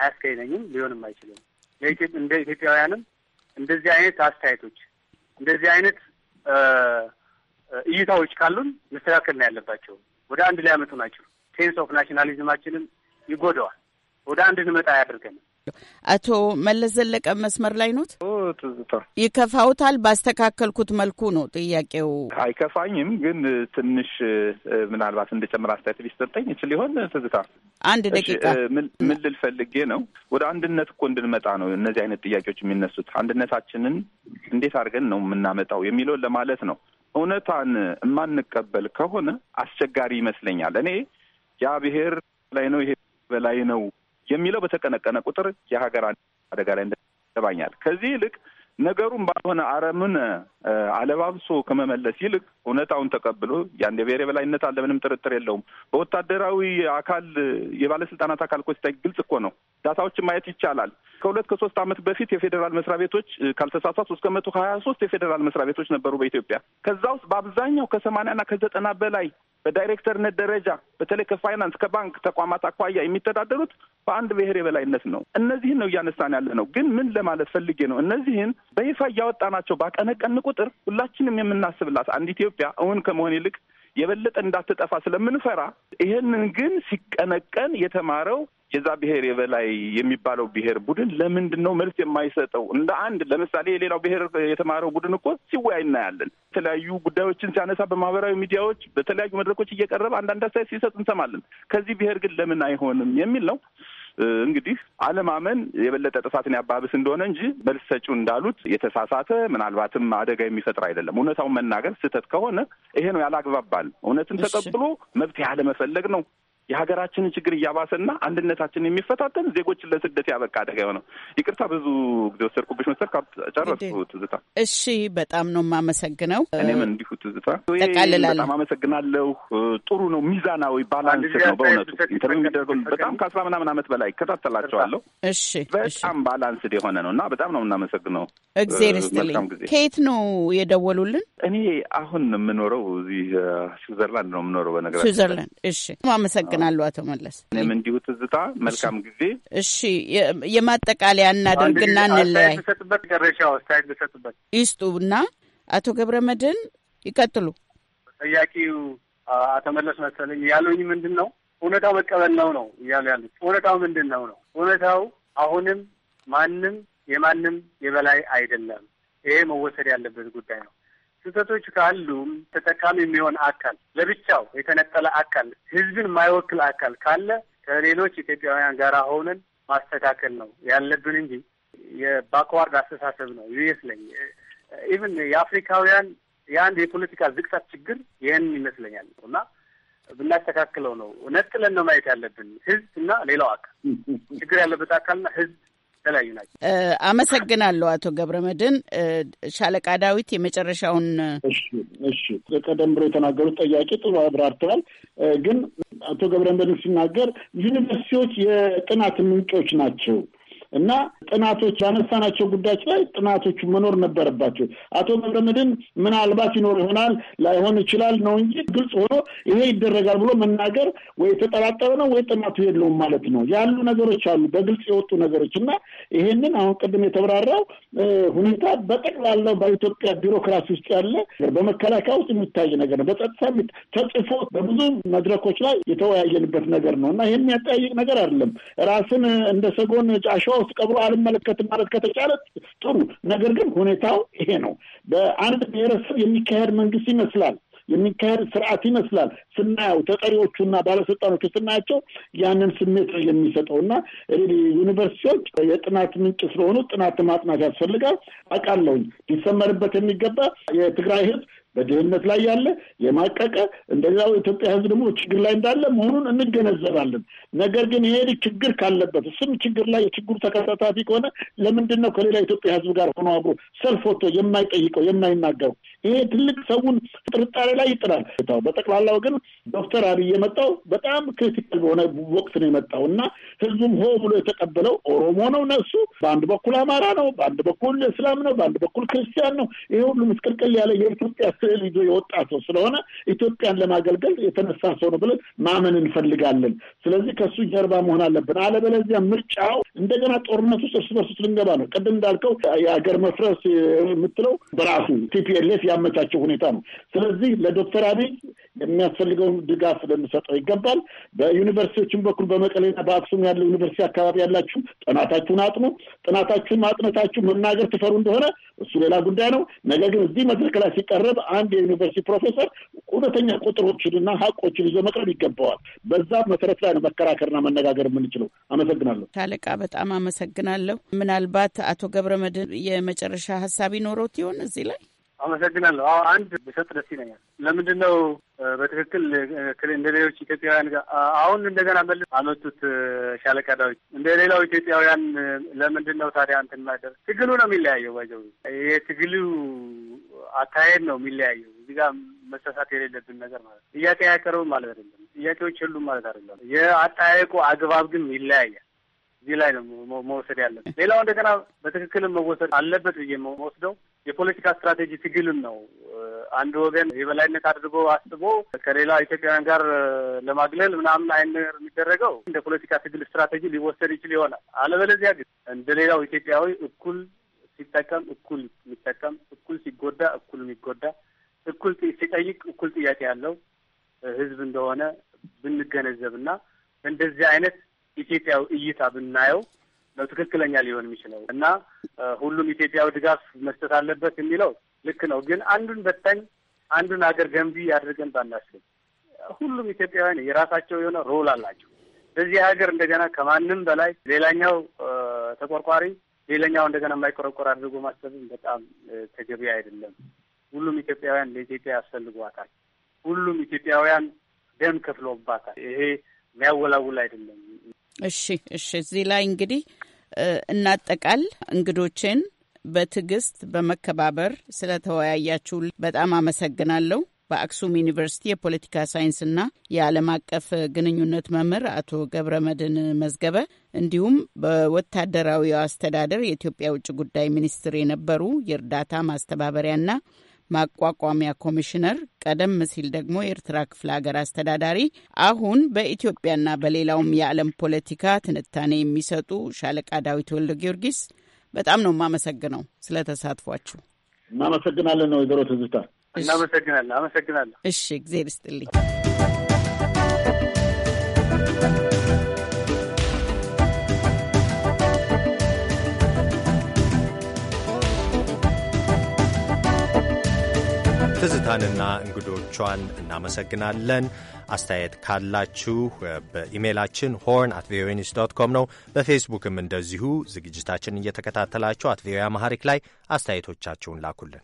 አያስካይነኝም፣ ሊሆንም አይችልም። እንደ ኢትዮጵያውያንም እንደዚህ አይነት አስተያየቶች፣ እንደዚህ አይነት እይታዎች ካሉን መስተካከል ነው ያለባቸው። ወደ አንድ ሊያመጡ ናቸው። ሴንስ ኦፍ ናሽናሊዝማችንም ይጎደዋል። ወደ አንድ ንመጣ አያደርገንም። አቶ መለስ ዘለቀ መስመር ላይ ኖት? ትዝታ ይከፋውታል? ባስተካከልኩት መልኩ ነው ጥያቄው። አይከፋኝም፣ ግን ትንሽ ምናልባት እንደጨምር አስተያየት ሊሰጠኝ ይችል ይሆን? ትዝታ አንድ ደቂቃ። ምን ልል ፈልጌ ነው ወደ አንድነት እኮ እንድንመጣ ነው እነዚህ አይነት ጥያቄዎች የሚነሱት። አንድነታችንን እንዴት አድርገን ነው የምናመጣው የሚለውን ለማለት ነው። እውነታን የማንቀበል ከሆነ አስቸጋሪ ይመስለኛል። እኔ ያ ብሔር ላይ ነው ይሄ በላይ ነው የሚለው በተቀነቀነ ቁጥር የሀገር አደጋ ላይ ይገባኛል። ከዚህ ይልቅ ነገሩን ባልሆነ አረምን አለባብሶ ከመመለስ ይልቅ እውነታውን ተቀብሎ ያን የብሔር የበላይነት አለ፣ ምንም ጥርጥር የለውም። በወታደራዊ አካል የባለስልጣናት አካል እኮ ሲታይ ግልጽ እኮ ነው። ዳታዎችን ማየት ይቻላል። ከሁለት ከሶስት ዓመት በፊት የፌዴራል መስሪያ ቤቶች ካልተሳሳት እስከ ከመቶ ሀያ ሶስት የፌዴራል መስሪያ ቤቶች ነበሩ በኢትዮጵያ። ከዛ ውስጥ በአብዛኛው ከሰማንያና ከዘጠና በላይ በዳይሬክተርነት ደረጃ በተለይ ከፋይናንስ ከባንክ ተቋማት አኳያ የሚተዳደሩት በአንድ ብሔር የበላይነት ነው። እነዚህን ነው እያነሳን ያለ ነው። ግን ምን ለማለት ፈልጌ ነው? እነዚህን በይፋ እያወጣናቸው ባቀነቀንቁ ቁጥር ሁላችንም የምናስብላት አንድ ኢትዮጵያ እውን ከመሆን ይልቅ የበለጠ እንዳትጠፋ ስለምንፈራ ይህንን ግን ሲቀነቀን የተማረው የዛ ብሔር የበላይ የሚባለው ብሔር ቡድን ለምንድን ነው መልስ የማይሰጠው? እንደ አንድ ለምሳሌ የሌላው ብሔር የተማረው ቡድን እኮ ሲወያይ እናያለን። የተለያዩ ጉዳዮችን ሲያነሳ በማህበራዊ ሚዲያዎች፣ በተለያዩ መድረኮች እየቀረበ አንዳንድ አስተያየት ሲሰጥ እንሰማለን። ከዚህ ብሔር ግን ለምን አይሆንም የሚል ነው። እንግዲህ አለማመን የበለጠ ጥፋትን ያባብስ እንደሆነ እንጂ መልስ ሰጪው እንዳሉት የተሳሳተ ምናልባትም አደጋ የሚፈጥር አይደለም። እውነታውን መናገር ስህተት ከሆነ ይሄ ነው ያላግባባል። እውነትን ተቀብሎ መብት ያለመፈለግ ነው። የሀገራችንን ችግር እያባሰና አንድነታችንን የሚፈታተን ዜጎችን ለስደት ያበቃ አደጋ የሆነው። ይቅርታ ብዙ ጊዜ ወሰድኩብሽ መሰል ጨረስኩ። ትዝታ እሺ፣ በጣም ነው የማመሰግነው። እኔም እንዲሁ ትዝታ ጠቃልላለሁ። በጣም አመሰግናለሁ። ጥሩ ነው፣ ሚዛናዊ ባላንስ ነው። በእውነቱ ኢንተርቪው የሚደረገው በጣም ከአስራ ምናምን አመት በላይ ከታተላቸዋለሁ። እሺ፣ በጣም ባላንስ የሆነ ነው እና በጣም ነው የምናመሰግነው። እግዜር ይስጥልኝ። ከየት ነው የደወሉልን? እኔ አሁን የምኖረው እዚህ ስዊዘርላንድ ነው የምኖረው። በነገራችን ስዊዘርላንድ። እሺ፣ ማመሰግ አመሰግናለሁ አቶ መለስ። እኔም እንዲሁ ትዝታ፣ መልካም ጊዜ። እሺ የማጠቃለያ እናደርግና እንለያይ። ሰጥበት ገረሻ አስተያየት ብሰጥበት ይስጡ እና አቶ ገብረ መድን ይቀጥሉ። ጠያቂው አቶ መለስ መሰለኝ ያሉኝ ምንድን ነው እውነታው መቀበል ነው ነው እያሉ ያሉት እውነታው ምንድን ነው ነው እውነታው አሁንም ማንም የማንም የበላይ አይደለም። ይሄ መወሰድ ያለበት ጉዳይ ነው። ስህተቶች ካሉም ተጠቃሚ የሚሆን አካል ለብቻው የተነጠለ አካል ህዝብን የማይወክል አካል ካለ ከሌሎች ኢትዮጵያውያን ጋር ሆነን ማስተካከል ነው ያለብን እንጂ የባክዋርድ አስተሳሰብ ነው ይመስለኝ። ኢቭን የአፍሪካውያን የአንድ የፖለቲካ ዝቅጠት ችግር ይህን ይመስለኛል እና ብናስተካክለው ነው ነጥለን ነው ማየት ያለብን ህዝብ እና ሌላው አካል ችግር ያለበት አካልና ህዝብ የተለያዩ ናቸው። አመሰግናለሁ አቶ ገብረ መድን። ሻለቃ ዳዊት የመጨረሻውን እሺ፣ ቀደም ብሎ የተናገሩት ጥያቄ ጥሩ አብራርተዋል። ግን አቶ ገብረ መድን ሲናገር ዩኒቨርሲቲዎች የጥናት ምንጮች ናቸው እና ጥናቶች ያነሳናቸው ጉዳዮች ላይ ጥናቶቹ መኖር ነበረባቸው። አቶ ገብረመድህን ምናልባት ይኖር ይሆናል ላይሆን ይችላል ነው እንጂ ግልጽ ሆኖ ይሄ ይደረጋል ብሎ መናገር ወይ የተጠራጠረ ነው ወይ ጥናቱ የለውም ማለት ነው። ያሉ ነገሮች አሉ፣ በግልጽ የወጡ ነገሮች እና ይሄንን አሁን ቅድም የተብራራው ሁኔታ በጠቅላላው በኢትዮጵያ ቢሮክራሲ ውስጥ ያለ በመከላከያ ውስጥ የሚታይ ነገር ነው። በጸጥታ ተጽፎ በብዙ መድረኮች ላይ የተወያየንበት ነገር ነው እና ይህን የሚያጠያይቅ ነገር አይደለም። ራስን እንደ ሰጎን ጫሻ ውስጥ ቀብሮ አልመለከትም ማለት ከተቻለ ጥሩ። ነገር ግን ሁኔታው ይሄ ነው። በአንድ ብሔረሰብ የሚካሄድ መንግስት ይመስላል የሚካሄድ ስርዓት ይመስላል ስናየው፣ ተጠሪዎቹና ባለስልጣኖቹ ስናያቸው ያንን ስሜት ነው የሚሰጠው። እና ዩኒቨርሲቲዎች የጥናት ምንጭ ስለሆኑ ጥናት ማጥናት ያስፈልጋል። አውቃለሁኝ ሊሰመርበት የሚገባ የትግራይ ህዝብ በድህነት ላይ ያለ የማቀቀ እንደዚያው ኢትዮጵያ ህዝብ ደግሞ ችግር ላይ እንዳለ መሆኑን እንገነዘባለን። ነገር ግን ይሄ ችግር ካለበት እሱም ችግር ላይ የችግሩ ተከታታፊ ከሆነ ለምንድን ነው ከሌላ ኢትዮጵያ ህዝብ ጋር ሆኖ አብሮ ሰልፍ ወጥቶ የማይጠይቀው የማይናገረው? ይሄ ትልቅ ሰውን ጥርጣሬ ላይ ይጥላል። በጠቅላላው ግን ዶክተር አብይ የመጣው በጣም ክሪቲካል በሆነ ወቅት ነው የመጣው እና ህዝቡም ሆ ብሎ የተቀበለው ኦሮሞ ነው ነሱ በአንድ በኩል አማራ ነው፣ በአንድ በኩል እስላም ነው፣ በአንድ በኩል ክርስቲያን ነው። ይሄ ሁሉ ምስቅልቅል ያለ የኢትዮጵያ ስዕል ይዞ የወጣ ሰው ስለሆነ ኢትዮጵያን ለማገልገል የተነሳ ሰው ነው ብለን ማመን እንፈልጋለን። ስለዚህ ከእሱ ጀርባ መሆን አለብን። አለበለዚያ ምርጫው እንደገና ጦርነት ውስጥ እርስ በርስ ልንገባ ነው። ቅድም እንዳልከው የሀገር መፍረስ የምትለው በራሱ ቲፒኤልኤፍ ያመቻቸው ሁኔታ ነው። ስለዚህ ለዶክተር አብይ የሚያስፈልገውን ድጋፍ ልንሰጠው ይገባል። በዩኒቨርሲቲዎችን በኩል በመቀሌና በአክሱም ያለው ዩኒቨርሲቲ አካባቢ ያላችሁ ጥናታችሁን አጥኑ። ጥናታችሁን ማጥነታችሁ መናገር ትፈሩ እንደሆነ እሱ ሌላ ጉዳይ ነው። ነገር ግን እዚህ መድረክ ላይ ሲቀረብ አንድ የዩኒቨርሲቲ ፕሮፌሰር እውነተኛ ቁጥሮችንና ሀቆችን ይዞ መቅረብ ይገባዋል። በዛ መሰረት ላይ ነው መከራከርና መነጋገር የምንችለው። አመሰግናለሁ ሻለቃ፣ በጣም አመሰግናለሁ። ምናልባት አቶ ገብረ መድህን የመጨረሻ ሀሳብ ይኖረውት ይሆን እዚህ ላይ? አመሰግናለሁ። አዎ አንድ ብሰጥ ደስ ይለኛል። ለምንድን ነው በትክክል እንደ ሌሎች ኢትዮጵያውያን አሁን እንደገና መልስ አመጡት ሻለቃ ዳዊት እንደ ሌላው ኢትዮጵያውያን ለምንድን ነው ታዲያ እንትን ማደር? ትግሉ ነው የሚለያየው። ባይዘው የትግሉ አካሄድ ነው የሚለያየው። እዚህ ጋር መሳሳት የሌለብን ነገር ማለት ነው። ጥያቄ አያቀርብም ማለት አይደለም። ጥያቄዎች የሉም ማለት አይደለም። የአጠያየቁ አግባብ ግን ይለያያል። እዚህ ላይ ነው መወሰድ ያለን። ሌላው እንደገና በትክክልም መወሰድ አለበት ብዬ መወስደው የፖለቲካ ስትራቴጂ ትግልም ነው። አንድ ወገን የበላይነት አድርጎ አስቦ ከሌላ ኢትዮጵያውያን ጋር ለማግለል ምናምን አይነት የሚደረገው እንደ ፖለቲካ ትግል ስትራቴጂ ሊወሰድ ይችል ይሆናል። አለበለዚያ ግን እንደ ሌላው ኢትዮጵያዊ እኩል ሲጠቀም እኩል የሚጠቀም እኩል ሲጎዳ እኩል የሚጎዳ እኩል ሲጠይቅ እኩል ጥያቄ ያለው ህዝብ እንደሆነ ብንገነዘብና እንደዚህ አይነት ኢትዮጵያዊ እይታ ብናየው ነው ትክክለኛ ሊሆን የሚችለው እና ሁሉም ኢትዮጵያዊ ድጋፍ መስጠት አለበት የሚለው ልክ ነው። ግን አንዱን በታኝ አንዱን ሀገር ገንቢ አድርገን ባናስብ፣ ሁሉም ኢትዮጵያውያን የራሳቸው የሆነ ሮል አላቸው በዚህ ሀገር። እንደገና ከማንም በላይ ሌላኛው ተቆርቋሪ ሌላኛው እንደገና የማይቆረቆር አድርጎ ማሰብም በጣም ተገቢ አይደለም። ሁሉም ኢትዮጵያውያን ለኢትዮጵያ ያስፈልጓታል። ሁሉም ኢትዮጵያውያን ደም ከፍሎባታል። ይሄ የሚያወላውል አይደለም። እሺ፣ እሺ። እዚህ ላይ እንግዲህ እናጠቃል። እንግዶችን በትዕግስት በመከባበር ስለተወያያችሁ በጣም አመሰግናለሁ። በአክሱም ዩኒቨርሲቲ የፖለቲካ ሳይንስና የዓለም አቀፍ ግንኙነት መምህር አቶ ገብረ መድን መዝገበ እንዲሁም በወታደራዊ አስተዳደር የኢትዮጵያ ውጭ ጉዳይ ሚኒስትር የነበሩ የእርዳታ ማስተባበሪያና ማቋቋሚያ ኮሚሽነር፣ ቀደም ሲል ደግሞ የኤርትራ ክፍለ ሀገር አስተዳዳሪ፣ አሁን በኢትዮጵያና በሌላውም የዓለም ፖለቲካ ትንታኔ የሚሰጡ ሻለቃ ዳዊት ወልደ ጊዮርጊስ በጣም ነው የማመሰግነው ስለ ተሳትፏችሁ። እናመሰግናለን። ነው ወይዘሮ ትዝታ እናመሰግናለን። አመሰግናለሁ። እሺ፣ እግዜር ይስጥልኝ። ትዝታንና እንግዶቿን እናመሰግናለን። አስተያየት ካላችሁ uh, በኢሜይላችን ሆርን አት ቪኦኤ ኒውስ ዶት ኮም ነው። በፌስቡክም እንደዚሁ ዝግጅታችን እየተከታተላችሁ አት ቪኦኤ አማሐሪክ ላይ አስተያየቶቻችሁን ላኩልን።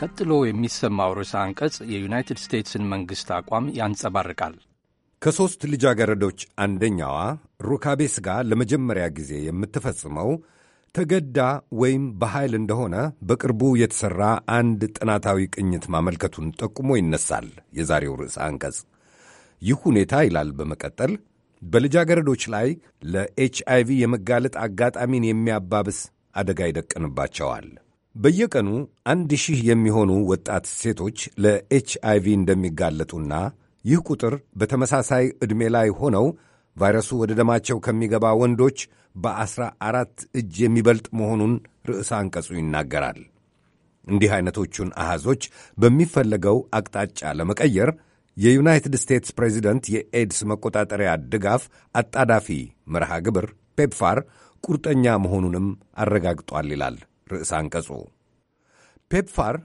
ቀጥሎ የሚሰማው ርዕሰ አንቀጽ የዩናይትድ ስቴትስን መንግሥት አቋም ያንጸባርቃል። ከሦስት ልጃገረዶች አንደኛዋ ሩካቤ ሥጋ ለመጀመሪያ ጊዜ የምትፈጽመው ተገዳ ወይም በኃይል እንደሆነ በቅርቡ የተሠራ አንድ ጥናታዊ ቅኝት ማመልከቱን ጠቁሞ ይነሳል የዛሬው ርዕሰ አንቀጽ። ይህ ሁኔታ ይላል በመቀጠል በልጃገረዶች ላይ ለኤች ቪ የመጋለጥ አጋጣሚን የሚያባብስ አደጋ ይደቀንባቸዋል። በየቀኑ አንድ ሺህ የሚሆኑ ወጣት ሴቶች ለኤች ቪ እንደሚጋለጡና ይህ ቁጥር በተመሳሳይ ዕድሜ ላይ ሆነው ቫይረሱ ወደ ደማቸው ከሚገባ ወንዶች በዐሥራ አራት እጅ የሚበልጥ መሆኑን ርዕሰ አንቀጹ ይናገራል። እንዲህ ዐይነቶቹን አሃዞች በሚፈለገው አቅጣጫ ለመቀየር የዩናይትድ ስቴትስ ፕሬዚደንት የኤድስ መቆጣጠሪያ ድጋፍ አጣዳፊ መርሃ ግብር ፔፕፋር ቁርጠኛ መሆኑንም አረጋግጧል ይላል ርዕሰ አንቀጹ። ፔፕፋር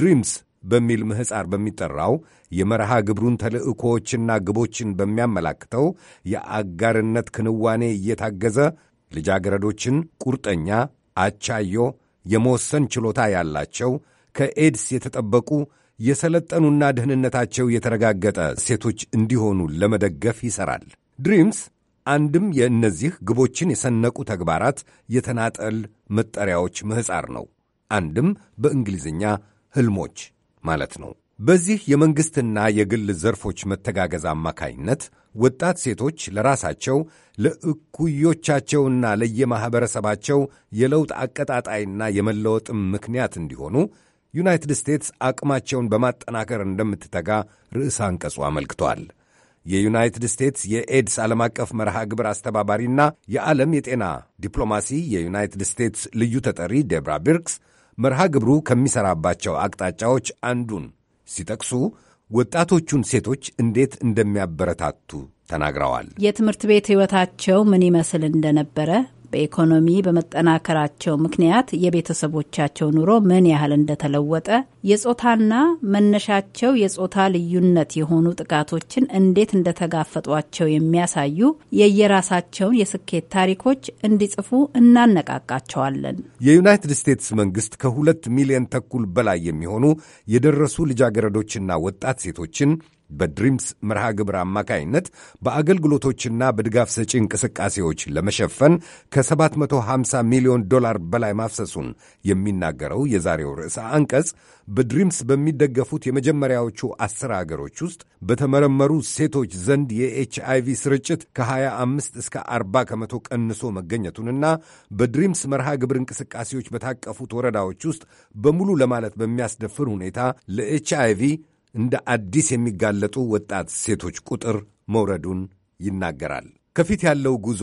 ድሪምስ በሚል ምህፃር በሚጠራው የመርሃ ግብሩን ተልዕኮዎችና ግቦችን በሚያመላክተው የአጋርነት ክንዋኔ እየታገዘ ልጃገረዶችን ቁርጠኛ፣ አቻዮ፣ የመወሰን ችሎታ ያላቸው ከኤድስ የተጠበቁ የሰለጠኑና ደህንነታቸው የተረጋገጠ ሴቶች እንዲሆኑ ለመደገፍ ይሠራል። ድሪምስ አንድም የእነዚህ ግቦችን የሰነቁ ተግባራት የተናጠል መጠሪያዎች ምህፃር ነው። አንድም በእንግሊዝኛ ሕልሞች ማለት ነው። በዚህ የመንግሥትና የግል ዘርፎች መተጋገዝ አማካይነት ወጣት ሴቶች ለራሳቸው ለእኩዮቻቸውና ለየማኅበረሰባቸው የለውጥ አቀጣጣይና የመለወጥም ምክንያት እንዲሆኑ ዩናይትድ ስቴትስ አቅማቸውን በማጠናከር እንደምትተጋ ርዕስ አንቀጹ አመልክቷል። የዩናይትድ ስቴትስ የኤድስ ዓለም አቀፍ መርሃ ግብር አስተባባሪና የዓለም የጤና ዲፕሎማሲ የዩናይትድ ስቴትስ ልዩ ተጠሪ ዴብራ ቢርክስ መርሃ ግብሩ ከሚሠራባቸው አቅጣጫዎች አንዱን ሲጠቅሱ ወጣቶቹን ሴቶች እንዴት እንደሚያበረታቱ ተናግረዋል። የትምህርት ቤት ሕይወታቸው ምን ይመስል እንደነበረ በኢኮኖሚ በመጠናከራቸው ምክንያት የቤተሰቦቻቸው ኑሮ ምን ያህል እንደተለወጠ፣ የጾታና መነሻቸው የጾታ ልዩነት የሆኑ ጥቃቶችን እንዴት እንደተጋፈጧቸው የሚያሳዩ የየራሳቸውን የስኬት ታሪኮች እንዲጽፉ እናነቃቃቸዋለን። የዩናይትድ ስቴትስ መንግስት ከሁለት ሚሊዮን ተኩል በላይ የሚሆኑ የደረሱ ልጃገረዶችና ወጣት ሴቶችን በድሪምስ መርሃ ግብር አማካይነት በአገልግሎቶችና በድጋፍ ሰጪ እንቅስቃሴዎች ለመሸፈን ከ750 ሚሊዮን ዶላር በላይ ማፍሰሱን የሚናገረው የዛሬው ርዕሰ አንቀጽ በድሪምስ በሚደገፉት የመጀመሪያዎቹ አስር አገሮች ውስጥ በተመረመሩ ሴቶች ዘንድ የኤች ቪ ስርጭት ከ25 እስከ 40 ከመቶ ቀንሶ መገኘቱንና በድሪምስ መርሃ ግብር እንቅስቃሴዎች በታቀፉት ወረዳዎች ውስጥ በሙሉ ለማለት በሚያስደፍር ሁኔታ ለኤች እንደ አዲስ የሚጋለጡ ወጣት ሴቶች ቁጥር መውረዱን ይናገራል። ከፊት ያለው ጉዞ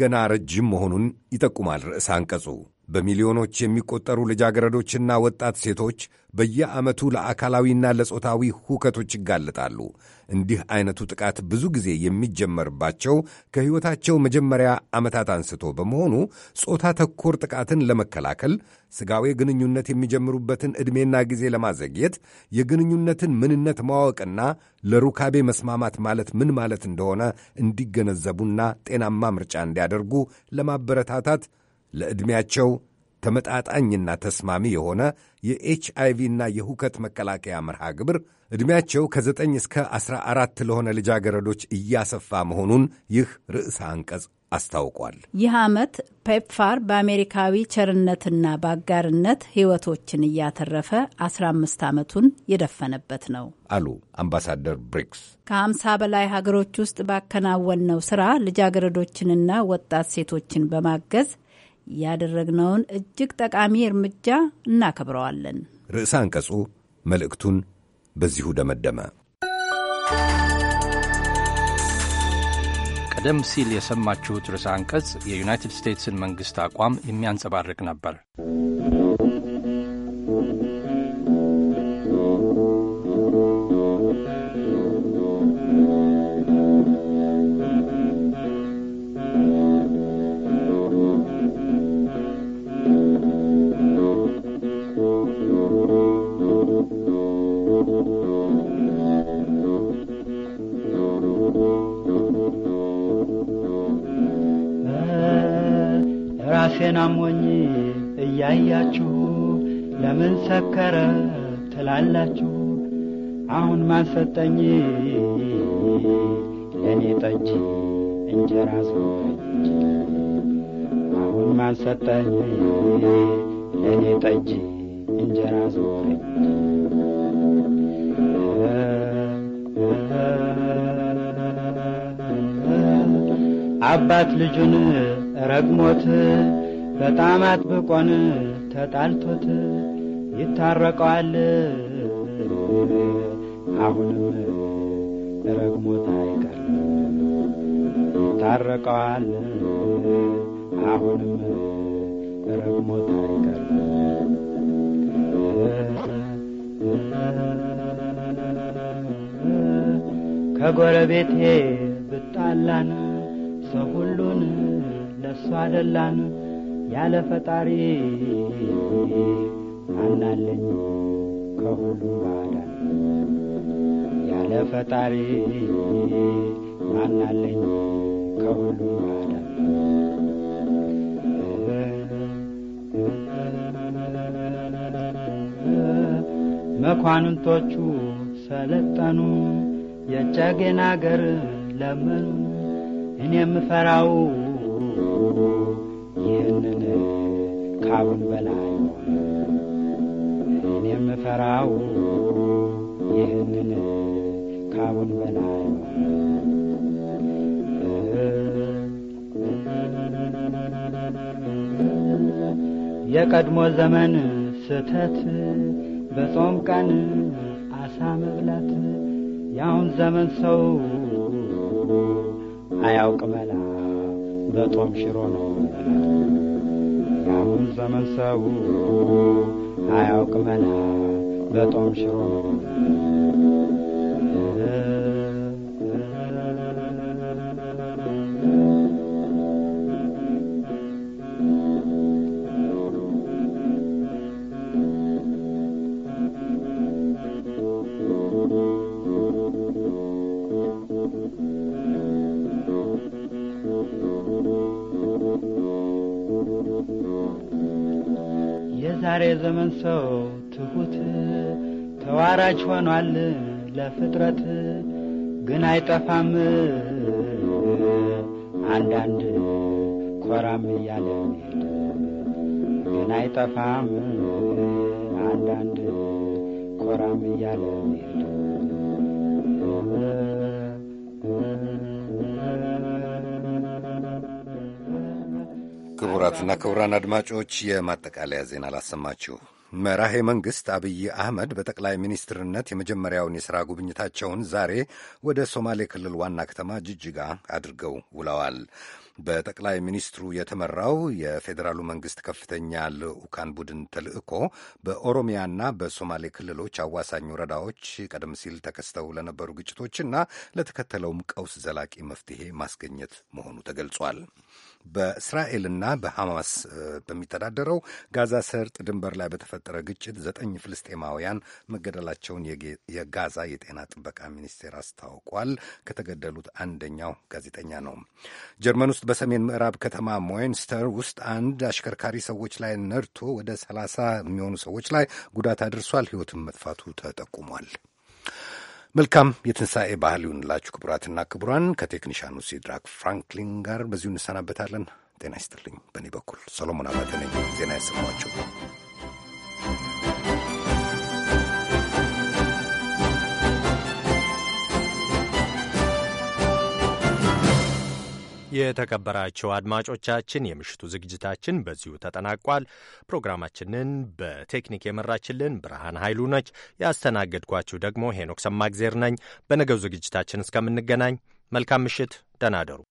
ገና ረጅም መሆኑን ይጠቁማል ርዕሰ አንቀጹ። በሚሊዮኖች የሚቆጠሩ ልጃገረዶችና ወጣት ሴቶች በየዓመቱ ለአካላዊና ለጾታዊ ሁከቶች ይጋለጣሉ። እንዲህ አይነቱ ጥቃት ብዙ ጊዜ የሚጀመርባቸው ከሕይወታቸው መጀመሪያ ዓመታት አንስቶ በመሆኑ ጾታ ተኮር ጥቃትን ለመከላከል ሥጋዊ ግንኙነት የሚጀምሩበትን ዕድሜና ጊዜ ለማዘግየት የግንኙነትን ምንነት ማወቅና ለሩካቤ መስማማት ማለት ምን ማለት እንደሆነ እንዲገነዘቡና ጤናማ ምርጫ እንዲያደርጉ ለማበረታታት ለዕድሜያቸው ተመጣጣኝና ተስማሚ የሆነ የኤችአይቪ እና የሁከት መከላከያ መርሃ ግብር ዕድሜያቸው ከ9 እስከ 14 ለሆነ ልጃገረዶች እያሰፋ መሆኑን ይህ ርዕሰ አንቀጽ አስታውቋል። ይህ ዓመት ፔፕፋር በአሜሪካዊ ቸርነትና በአጋርነት ሕይወቶችን እያተረፈ 15 ዓመቱን የደፈነበት ነው አሉ አምባሳደር ብሪክስ። ከ50 በላይ ሀገሮች ውስጥ ባከናወነው ሥራ ልጃገረዶችንና ወጣት ሴቶችን በማገዝ ያደረግነውን እጅግ ጠቃሚ እርምጃ እናከብረዋለን። ርዕሰ አንቀጹ መልእክቱን በዚሁ ደመደመ። ቀደም ሲል የሰማችሁት ርዕሰ አንቀጽ የዩናይትድ ስቴትስን መንግሥት አቋም የሚያንጸባርቅ ነበር። ልቤን አሞኝ እያያችሁ ለምን ሰከረ ትላላችሁ አሁን ማሰጠኝ ለእኔ ጠጅ እንጀራ ሰጠኝ አሁን ማሰጠኝ ለእኔ ጠጅ እንጀራ ሰጠኝ አባት ልጁን ረግሞት በጣም አጥብቆን ተጣልቶት ይታረቀዋል። አሁንም ረግሞት አይቀር ይታረቀዋል። አሁንም ረግሞት አይቀር ከጎረቤቴ ብጣላን ሰው ሁሉን ለሱ አደላን ያለ ፈጣሪ አናለኝ ከሁሉ ባዳን ያለ ፈጣሪ አናለኝ ከሁሉ ባዳን መኳንንቶቹ ሰለጠኑ የጨጌን አገር ለመኑ እኔ የምፈራው ይህንን ከአሁን በላይ እኔ የምፈራው ይህንን ከአሁን በላይ የቀድሞ ዘመን ስተት በጾም ቀን አሳ መብላት ያሁን ዘመን ሰው አያውቅ መላ በጦም ሽሮ ነው። አሁን ዘመን ሰው አያውቅም ገና በጦም ሽሮ ነው። የዛሬ ዘመን ሰው ትሁት ተዋራጅ ሆኗል ለፍጥረት ግን አይጠፋም አንዳንድ ኮራም እያለ ግን አይጠፋም አንዳንድ ኮራም እያለ ክቡራትና ክቡራን አድማጮች የማጠቃለያ ዜና አላሰማችሁ። መራሄ መንግሥት አብይ አህመድ በጠቅላይ ሚኒስትርነት የመጀመሪያውን የሥራ ጉብኝታቸውን ዛሬ ወደ ሶማሌ ክልል ዋና ከተማ ጅጅጋ አድርገው ውለዋል። በጠቅላይ ሚኒስትሩ የተመራው የፌዴራሉ መንግስት ከፍተኛ ልዑካን ቡድን ተልእኮ በኦሮሚያና በሶማሌ ክልሎች አዋሳኝ ወረዳዎች ቀደም ሲል ተከስተው ለነበሩ ግጭቶችና ለተከተለውም ቀውስ ዘላቂ መፍትሄ ማስገኘት መሆኑ ተገልጿል። በእስራኤልና በሐማስ በሚተዳደረው ጋዛ ሰርጥ ድንበር ላይ በተፈጠረ ግጭት ዘጠኝ ፍልስጤማውያን መገደላቸውን የጋዛ የጤና ጥበቃ ሚኒስቴር አስታውቋል። ከተገደሉት አንደኛው ጋዜጠኛ ነው። ጀርመን ውስጥ በሰሜን ምዕራብ ከተማ ሞይንስተር ውስጥ አንድ አሽከርካሪ ሰዎች ላይ ነድቶ ወደ ሰላሳ የሚሆኑ ሰዎች ላይ ጉዳት አድርሷል። ሕይወትም መጥፋቱ ተጠቁሟል። መልካም የትንሣኤ ባህል ይሁንላችሁ። ክቡራትና ክቡራን ከቴክኒሻኑ ሲድራክ ፍራንክሊን ጋር በዚሁ እንሰናበታለን። ጤና ይስጥልኝ። በእኔ በኩል ሰሎሞን አባተ ነኝ። ዜና ያሰማኋቸው የተከበራቸው አድማጮቻችን የምሽቱ ዝግጅታችን በዚሁ ተጠናቋል። ፕሮግራማችንን በቴክኒክ የመራችልን ብርሃን ኃይሉ ነች። ያስተናገድኳችሁ ደግሞ ሄኖክ ሰማግዜር ነኝ። በነገው ዝግጅታችን እስከምንገናኝ መልካም ምሽት፣ ደህና እደሩ።